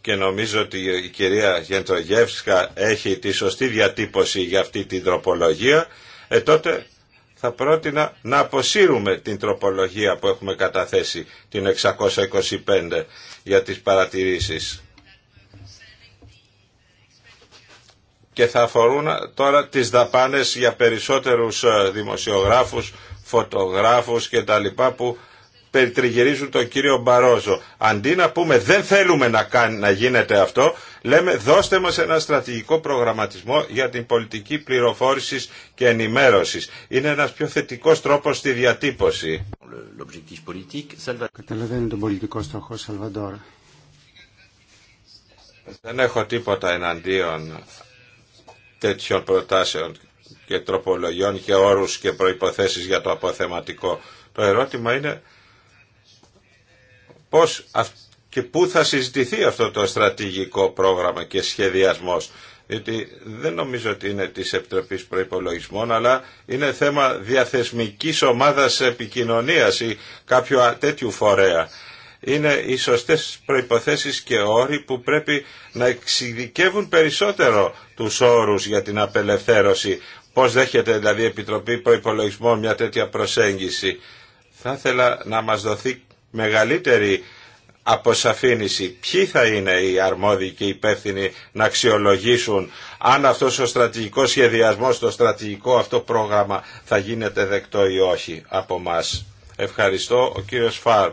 και νομίζω ότι η κυρία Γεντρογεύσκα έχει τη σωστή διατύπωση για αυτή την τροπολογία, ε, τότε θα πρότεινα να αποσύρουμε την τροπολογία που έχουμε καταθέσει, την 625, για τις παρατηρήσεις. Και θα αφορούν τώρα τις δαπάνες για περισσότερους ε, δημοσιογράφους, φωτογράφους και τα που περιτριγυρίζουν τον κύριο Μπαρόζο. Αντί να πούμε δεν θέλουμε να, κάνει, να γίνεται αυτό, λέμε δώστε μας ένα στρατηγικό προγραμματισμό για την πολιτική πληροφόρηση και ενημέρωσης. Είναι ένας πιο θετικός τρόπος στη διατύπωση. Καταλαβαίνει τον πολιτικό στόχο Σαλβαντόρα. Δεν έχω τίποτα εναντίον τέτοιων προτάσεων και τροπολογιών και όρους και προϋποθέσεις για το αποθεματικό. Το ερώτημα είναι πώς και πού θα συζητηθεί αυτό το στρατηγικό πρόγραμμα και σχεδιασμός. Διότι δεν νομίζω ότι είναι της Επιτροπής Προϋπολογισμών, αλλά είναι θέμα διαθεσμικής ομάδας επικοινωνίας ή κάποιου τέτοιου φορέα. Είναι οι σωστές προϋποθέσεις και όροι που πρέπει να εξειδικεύουν περισσότερο τους όρους για την απελευθέρωση. Πώς δέχεται δηλαδή η Επιτροπή Προϋπολογισμών μια τέτοια προσέγγιση. Θα ήθελα να μας δοθεί μεγαλύτερη αποσαφήνιση ποιοι θα είναι οι αρμόδιοι και οι υπεύθυνοι να αξιολογήσουν αν αυτός ο στρατηγικός σχεδιασμός, το στρατηγικό αυτό πρόγραμμα θα γίνεται δεκτό ή όχι από μας. Ευχαριστώ ο κύριος Φάρ.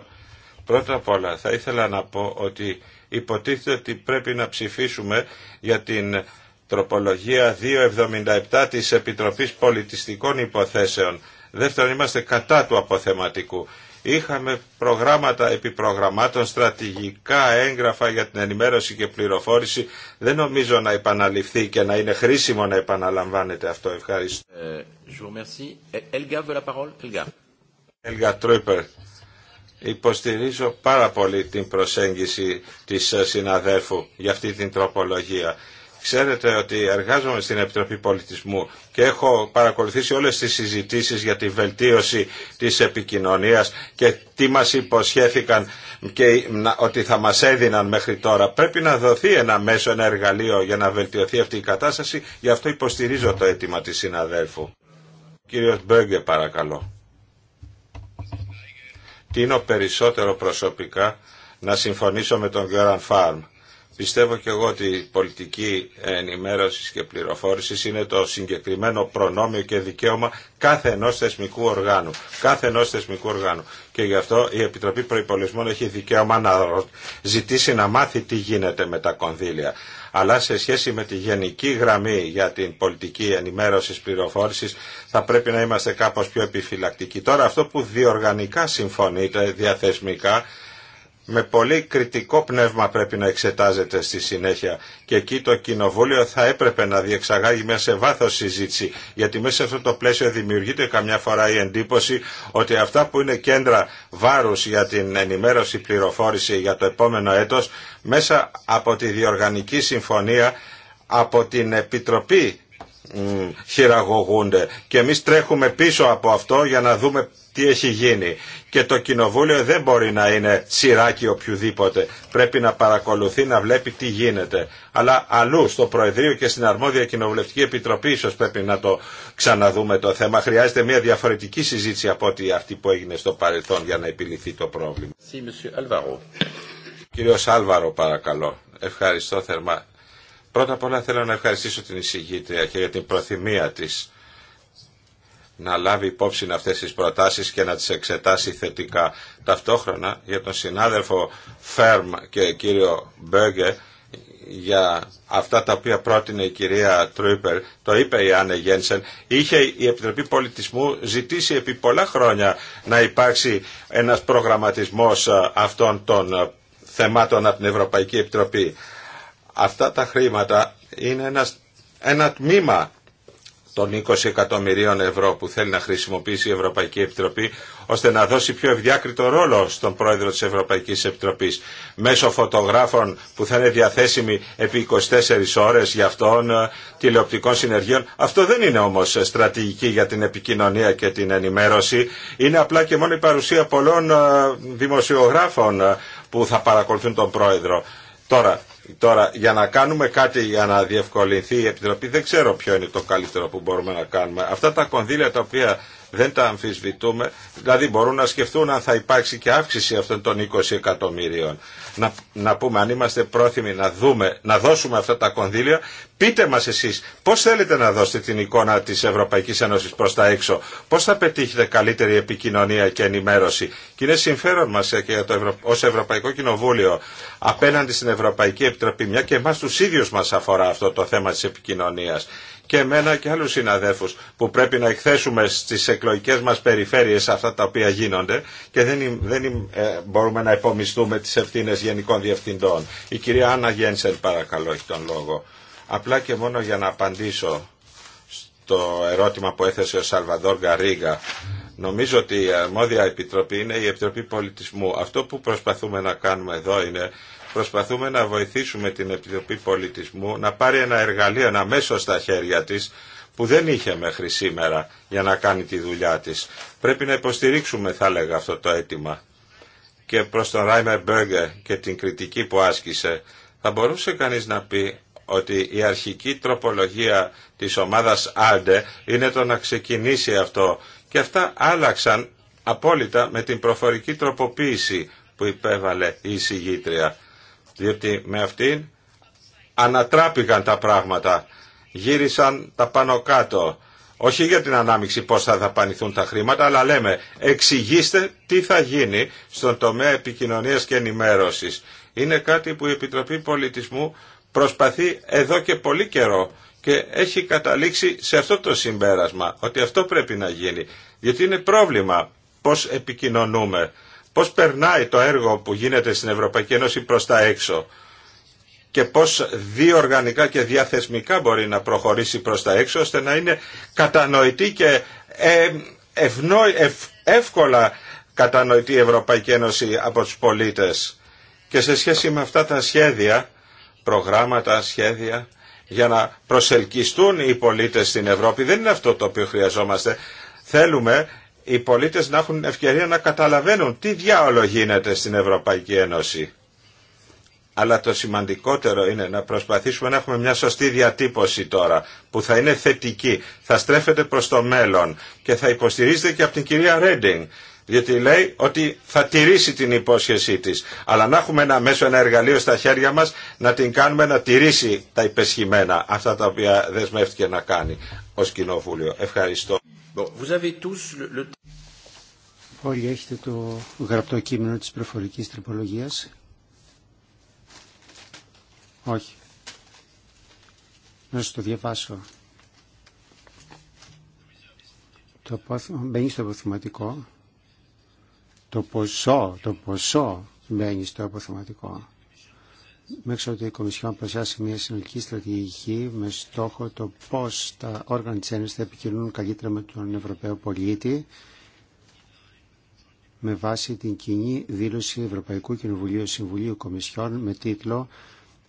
Πρώτα απ' όλα θα ήθελα να πω ότι υποτίθεται ότι πρέπει να ψηφίσουμε για την τροπολογία 277 της Επιτροπής Πολιτιστικών Υποθέσεων. Δεύτερον, είμαστε κατά του αποθεματικού. Είχαμε προγράμματα επιπρογραμμάτων, στρατηγικά έγγραφα για την ενημέρωση και πληροφόρηση. Δεν νομίζω να επαναληφθεί και να είναι χρήσιμο να επαναλαμβάνεται αυτό. Ευχαριστώ. Ελγα Τρούπερ, υποστηρίζω πάρα πολύ την προσέγγιση της συναδέρφου για αυτή την τροπολογία. Ξέρετε ότι εργάζομαι στην Επιτροπή Πολιτισμού και έχω παρακολουθήσει όλες τις συζητήσεις για τη βελτίωση της επικοινωνίας και τι μας υποσχέθηκαν και ότι θα μας έδιναν μέχρι τώρα. Πρέπει να δοθεί ένα μέσο, ένα εργαλείο για να βελτιωθεί αυτή η κατάσταση. Γι' αυτό υποστηρίζω το αίτημα της συναδέλφου. Κύριος Μπέγκε παρακαλώ. ο περισσότερο προσωπικά να συμφωνήσω με τον Γιώραν Φάρμ Πιστεύω και εγώ ότι η πολιτική ενημέρωση και πληροφόρηση είναι το συγκεκριμένο προνόμιο και δικαίωμα κάθε ενό θεσμικού οργάνου. Κάθε ενό θεσμικού οργάνου. Και γι' αυτό η Επιτροπή Προπολισμών έχει δικαίωμα να ζητήσει να μάθει τι γίνεται με τα κονδύλια αλλά σε σχέση με τη γενική γραμμή για την πολιτική και πληροφόρηση θα πρέπει να είμαστε κάπω πιο επιφυλακτικοί. Τώρα αυτό που διοργανικά συμφωνείται διαθεσμικά με πολύ κριτικό πνεύμα πρέπει να εξετάζεται στη συνέχεια και εκεί το Κοινοβούλιο θα έπρεπε να διεξαγάγει μια σε βάθος συζήτηση γιατί μέσα σε αυτό το πλαίσιο δημιουργείται καμιά φορά η εντύπωση ότι αυτά που είναι κέντρα βάρους για την ενημέρωση πληροφόρηση για το επόμενο έτος μέσα από τη διοργανική συμφωνία από την Επιτροπή χειραγωγούνται και εμείς τρέχουμε πίσω από αυτό για να δούμε τι έχει γίνει και το κοινοβούλιο δεν μπορεί να είναι σειράκι οποιοδήποτε. Πρέπει να παρακολουθεί, να βλέπει τι γίνεται. Αλλά αλλού στο Προεδρείο και στην αρμόδια κοινοβουλευτική επιτροπή ίσω πρέπει να το ξαναδούμε το θέμα. Χρειάζεται μια διαφορετική συζήτηση από ό,τι αυτή που έγινε στο παρελθόν για να επιληθεί το πρόβλημα. Κύριο Άλβαρο παρακαλώ. Ευχαριστώ θερμά. Πρώτα απ' όλα θέλω να ευχαριστήσω την εισηγήτρια και για την προθυμία της να λάβει υπόψη αυτές τις προτάσεις και να τις εξετάσει θετικά. Ταυτόχρονα για τον συνάδελφο Φέρμ και κύριο Μπέγκε για αυτά τα οποία πρότεινε η κυρία Τρούπερ, το είπε η Άννε Γένσεν, είχε η Επιτροπή Πολιτισμού ζητήσει επί πολλά χρόνια να υπάρξει ένας προγραμματισμός αυτών των θεμάτων από την Ευρωπαϊκή Επιτροπή. Αυτά τα χρήματα είναι ένα τμήμα των 20 εκατομμυρίων ευρώ που θέλει να χρησιμοποιήσει η Ευρωπαϊκή Επιτροπή ώστε να δώσει πιο ευδιάκριτο ρόλο στον πρόεδρο της Ευρωπαϊκής Επιτροπής μέσω φωτογράφων που θα είναι διαθέσιμοι επί 24 ώρες για αυτόν ε, τηλεοπτικών συνεργείων. Αυτό δεν είναι όμως στρατηγική για την επικοινωνία και την ενημέρωση. Είναι απλά και μόνο η παρουσία πολλών ε, δημοσιογράφων ε, που θα παρακολουθούν τον πρόεδρο. Τώρα, Τώρα, για να κάνουμε κάτι για να διευκολυνθεί η Επιτροπή, δεν ξέρω ποιο είναι το καλύτερο που μπορούμε να κάνουμε. Αυτά τα κονδύλια τα οποία δεν τα αμφισβητούμε, δηλαδή μπορούν να σκεφτούν αν θα υπάρξει και αύξηση αυτών των 20 εκατομμυρίων. Να, να πούμε αν είμαστε πρόθυμοι να δούμε, να δώσουμε αυτά τα κονδύλια, πείτε μας εσείς πώς θέλετε να δώσετε την εικόνα της Ευρωπαϊκής Ένωσης προς τα έξω, πώς θα πετύχετε καλύτερη επικοινωνία και ενημέρωση. Και είναι συμφέρον μας ε, και το Ευρω... ως Ευρωπαϊκό Κοινοβούλιο απέναντι στην Ευρωπαϊκή Επιτροπή, μια και εμάς τους ίδιους μας αφορά αυτό το θέμα της επικοινωνίας και εμένα και άλλους συναδέφους που πρέπει να εκθέσουμε στις εκλογικές μας περιφέρειες αυτά τα οποία γίνονται και δεν, δεν ε, μπορούμε να υπομισθούμε τις ευθύνες γενικών διευθυντών. Η κυρία Άννα Γένσελ παρακαλώ έχει τον λόγο. Απλά και μόνο για να απαντήσω στο ερώτημα που έθεσε ο Σαλβαδόρ Γκαρίγα. Νομίζω ότι η αρμόδια επιτροπή είναι η Επιτροπή Πολιτισμού. Αυτό που προσπαθούμε να κάνουμε εδώ είναι προσπαθούμε να βοηθήσουμε την Επιτροπή Πολιτισμού να πάρει ένα εργαλείο, ένα μέσο στα χέρια της που δεν είχε μέχρι σήμερα για να κάνει τη δουλειά της. Πρέπει να υποστηρίξουμε θα λέγα, αυτό το αίτημα και προς τον Ράιμερ Μπέργκε και την κριτική που άσκησε θα μπορούσε κανείς να πει ότι η αρχική τροπολογία της ομάδας Άντε είναι το να ξεκινήσει αυτό και αυτά άλλαξαν απόλυτα με την προφορική τροποποίηση που υπέβαλε η εισηγήτρια διότι με αυτήν ανατράπηκαν τα πράγματα, γύρισαν τα πάνω κάτω. Όχι για την ανάμειξη πώς θα δαπανηθούν τα χρήματα, αλλά λέμε εξηγήστε τι θα γίνει στον τομέα επικοινωνίας και ενημέρωσης. Είναι κάτι που η Επιτροπή Πολιτισμού προσπαθεί εδώ και πολύ καιρό και έχει καταλήξει σε αυτό το συμπέρασμα, ότι αυτό πρέπει να γίνει, γιατί είναι πρόβλημα πώς επικοινωνούμε πώς περνάει το έργο που γίνεται στην Ευρωπαϊκή Ένωση προς τα έξω και πώς διοργανικά και διαθεσμικά μπορεί να προχωρήσει προς τα έξω ώστε να είναι κατανοητή και ε, εύκολα κατανοητή η Ευρωπαϊκή Ένωση από τους πολίτες. Και σε σχέση με αυτά τα σχέδια, προγράμματα, σχέδια, για να προσελκυστούν οι πολίτες στην Ευρώπη, δεν είναι αυτό το οποίο χρειαζόμαστε. Θέλουμε οι πολίτες να έχουν ευκαιρία να καταλαβαίνουν τι διάολο γίνεται στην Ευρωπαϊκή Ένωση. Αλλά το σημαντικότερο είναι να προσπαθήσουμε να έχουμε μια σωστή διατύπωση τώρα που θα είναι θετική, θα στρέφεται προς το μέλλον και θα υποστηρίζεται και από την κυρία Ρέντινγκ γιατί λέει ότι θα τηρήσει την υπόσχεσή της. Αλλά να έχουμε ένα μέσο, ένα εργαλείο στα χέρια μας, να την κάνουμε να τηρήσει τα υπεσχημένα, αυτά τα οποία δεσμεύτηκε να κάνει ως Κοινοβούλιο. Ευχαριστώ. Όλοι έχετε το γραπτό κείμενο της προφορικής τροπολογίας. Όχι. Να στο το διαβάσω. Το ποθ... Μπαίνει στο αποθυματικό. Το ποσό, το ποσό μπαίνει στο αποθυματικό μέχρι ότι η Κομισιόν παρουσιάσει μια συνολική στρατηγική με στόχο το πώς τα όργανα της Ένωσης θα επικοινωνούν καλύτερα με τον Ευρωπαίο πολίτη με βάση την κοινή δήλωση Ευρωπαϊκού Κοινοβουλίου Συμβουλίου Κομισιόν με τίτλο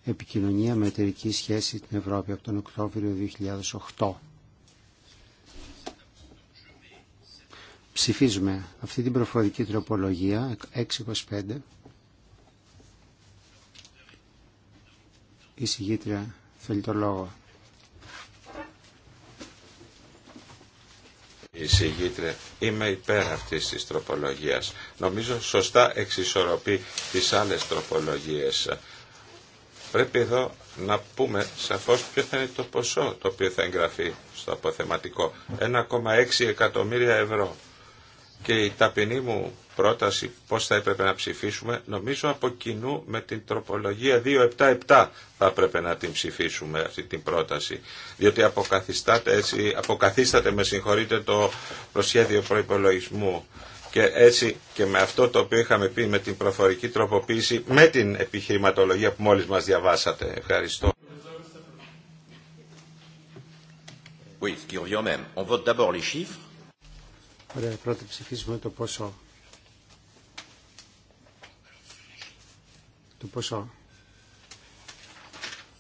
«Επικοινωνία με εταιρική σχέση στην Ευρώπη» από τον Οκτώβριο 2008. Ψηφίζουμε αυτή την προφορική τροπολογία 625 η συγγήτρια θέλει το λόγο. Η συγγήτρια είμαι υπέρ αυτής της τροπολογίας. Νομίζω σωστά εξισορροπεί τις άλλες τροπολογίες. Πρέπει εδώ να πούμε σαφώς ποιο θα είναι το ποσό το οποίο θα εγγραφεί στο αποθεματικό. 1,6 εκατομμύρια ευρώ. Και η ταπεινή μου πρόταση πώς θα έπρεπε να ψηφίσουμε, νομίζω από κοινού με την τροπολογία 277 θα έπρεπε να την ψηφίσουμε αυτή την πρόταση. Διότι αποκαθιστάτε έτσι, αποκαθιστάτε με συγχωρείτε το προσχέδιο προϋπολογισμού. Και έτσι και με αυτό το οποίο είχαμε πει με την προφορική τροποποίηση, με την επιχειρηματολογία που μόλις μας διαβάσατε. Ευχαριστώ. Oui, ce même. On vote d'abord les chiffres. Ωραία, πρώτα ψηφίσουμε το πόσο το ποσό.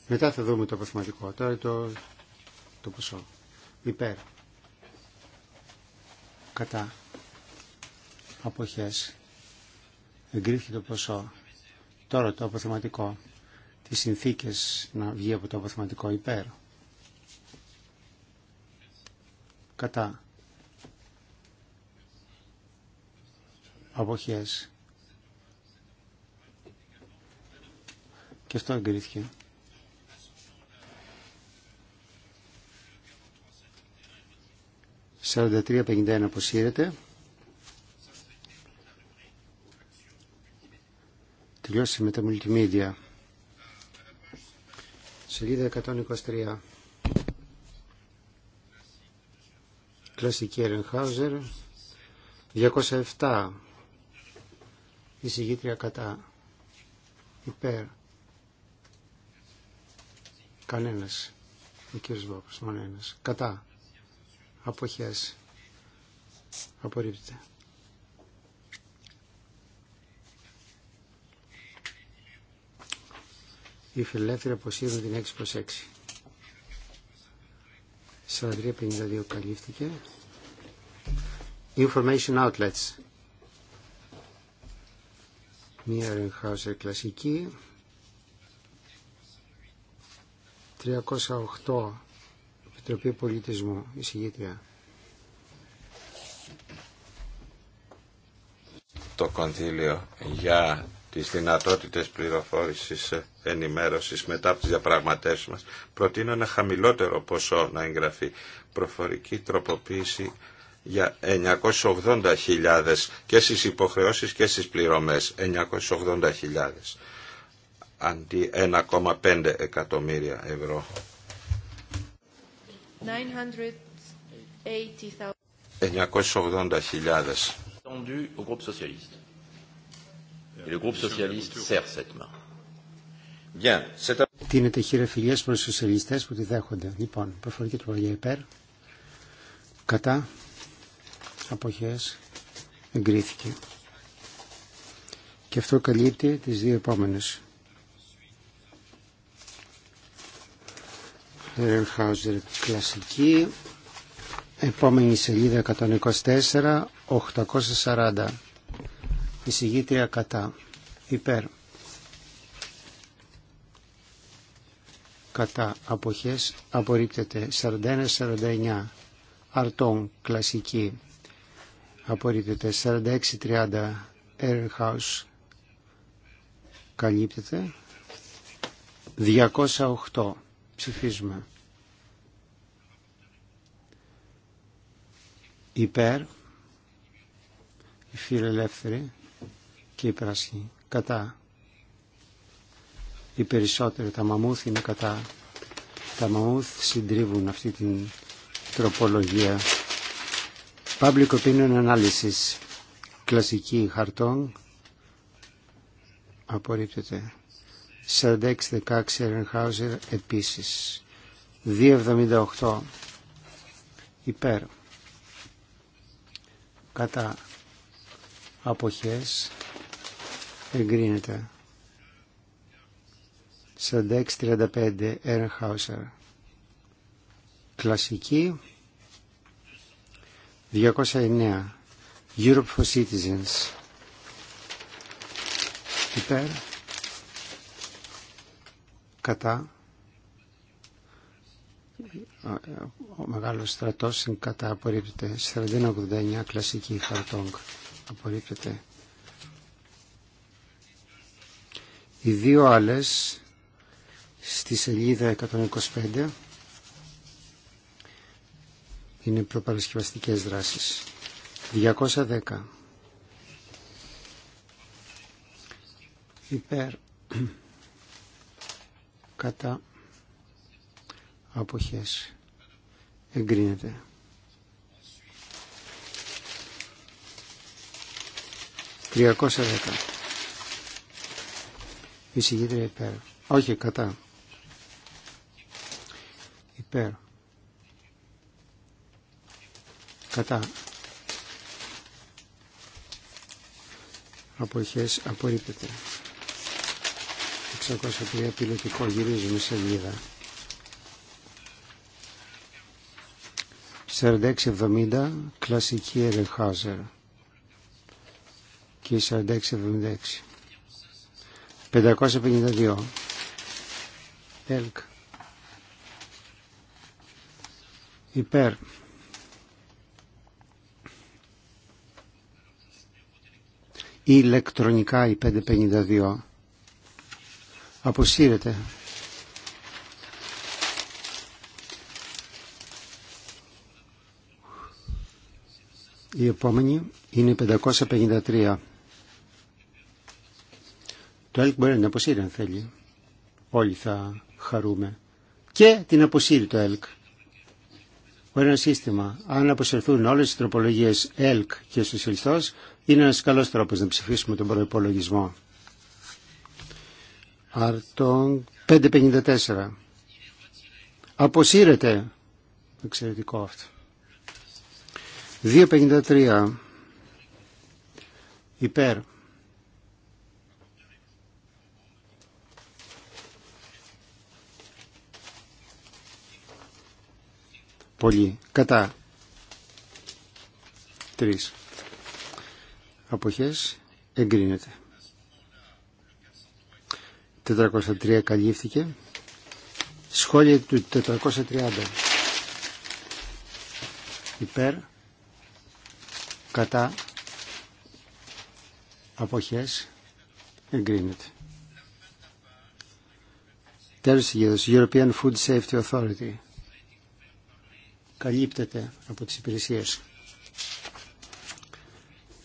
Μετά θα δούμε το αποθηματικό. Τώρα το, το ποσό. Υπέρ. Κατά. Αποχές. Εγκρίθηκε το ποσό. Τώρα το αποθεματικό. τι συνθήκες να βγει από το αποθεματικό υπέρ. Κατά. Αποχές. Και αυτό εγκρίθηκε. αγγελίθηκε. 43-51 αποσύρεται. Τελειώσει με τα multimedia. Σελίδα 123. Κλασική Ερενχάουζερ. 207. Εισηγήτρια κατά. Υπέρ. Κανένας. Ο κύριος Βόπος, μόνο ένας. Κατά. Αποχές. Απορρίπτεται. Οι φιλελεύθεροι αποσύρουν την 6 προς 6. 43-52 καλύφθηκε. Information outlets. Μία Ρενχάουσερ κλασική. 308 Επιτροπή Πολιτισμού, Το κονδύλιο για τις δυνατότητες πληροφόρησης ενημέρωσης μετά από τις διαπραγματεύσεις μας. Προτείνω ένα χαμηλότερο ποσό να εγγραφεί προφορική τροποποίηση για 980.000 και στις υποχρεώσεις και στις πληρωμές 980.000 αντί 1,5 εκατομμύρια ευρώ. 980.000. au groupe socialiste. Et Τίνεται προ του σοσιαλιστέ που τη δέχονται. Λοιπόν, προφορική τροπολογία υπέρ. Κατά. Αποχέ. Εγκρίθηκε. Και αυτό καλύπτει τι δύο επόμενε. Ρενχάουζερ κλασική. Επόμενη σελίδα 124, 840. Εισηγήτρια κατά. Υπέρ. Κατά αποχές απορρίπτεται 41-49. Αρτών κλασική. 4630 46-30. Ερχάους καλύπτεται. 208 Υπέρ, οι φιλελεύθεροι και οι πράσινοι. Κατά. Οι περισσότεροι, τα μαμούθ είναι κατά. Τα μαμούθ συντρίβουν αυτή την τροπολογία. Public Opinion Analysis. Κλασική χαρτών. Απορρίπτεται. 46-16 Ερενχάουζερ επίσης. 2.78 υπέρ κατά αποχές εγκρίνεται 46-35 Ερενχάουζερ κλασική 209 Europe for Citizens υπέρ κατά ο μεγάλος στρατός κατά απορρίπτεται 4189 κλασική χαρτόγκ απορρίπτεται οι δύο άλλες στη σελίδα 125 είναι προπαρασκευαστικές δράσεις 210 υπέρ κατά αποχές εγκρίνεται. Τριακόσα δέκα. Εισηγήτρια υπέρ. Όχι, κατά. Υπέρ. Κατά. Αποχές απορρίπτεται. 603 πιλωτικό γυρίζουμε σελίδα 4670 κλασική Ερεχάζερ και 4676 552 ΕΛΚ υπέρ ηλεκτρονικά η 552 Αποσύρεται. Η επόμενη είναι 553. Το ΕΛΚ μπορεί να αποσύρει αν θέλει. Όλοι θα χαρούμε. Και την αποσύρει το ΕΛΚ. Μπορεί ένα σύστημα. Αν αποσυρθούν όλες οι τροπολογίες ΕΛΚ και σοσιαλιστός, είναι ένας καλός τρόπος να ψηφίσουμε τον προϋπολογισμό. Αρτών 554. Αποσύρεται. Εξαιρετικό αυτό. 253. Υπέρ. Πολύ. Κατά. Τρεις. Αποχές εγκρίνεται. 403 καλύφθηκε. Σχόλια του 430. Υπέρ. Κατά. Αποχές. Εγκρίνεται. Τέλος της European Food Safety Authority. Καλύπτεται από τις υπηρεσίες.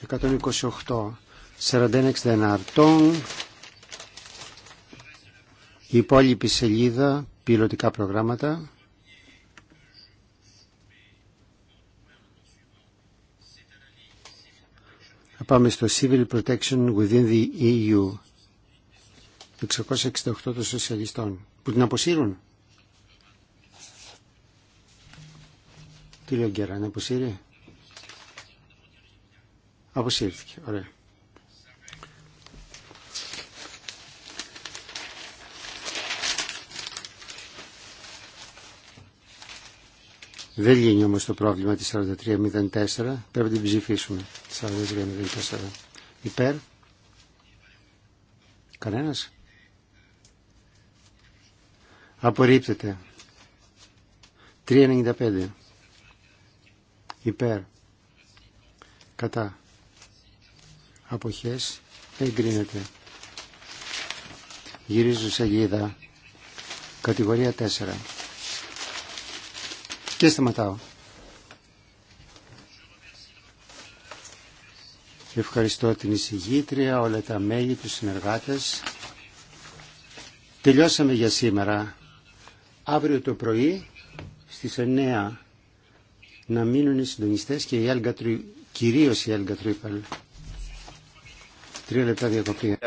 128. 41-61 η υπόλοιπη σελίδα, πιλωτικά προγράμματα. Θα πάμε στο Civil Protection Within the EU. το 668 των σοσιαλιστών. Που την αποσύρουν. Τι λέω Γκέρα, να αποσύρει. Αποσύρθηκε, ωραία. Δεν λύνει όμως το πρόβλημα της 4304. Πρέπει να την ψηφίσουμε. 4304. Υπέρ. Κανένας. Απορρίπτεται. 395. Υπέρ. Κατά. Αποχές. Εγκρίνεται. Γυρίζω σελίδα. Κατηγορία 4. Και σταματάω. Ευχαριστώ την εισηγήτρια, όλα τα μέλη, τους συνεργάτες. Τελειώσαμε για σήμερα. Αύριο το πρωί στις 9 να μείνουν οι συντονιστές και η Έλγα κυρίως η Έλγα Τρία λεπτά διακοπή.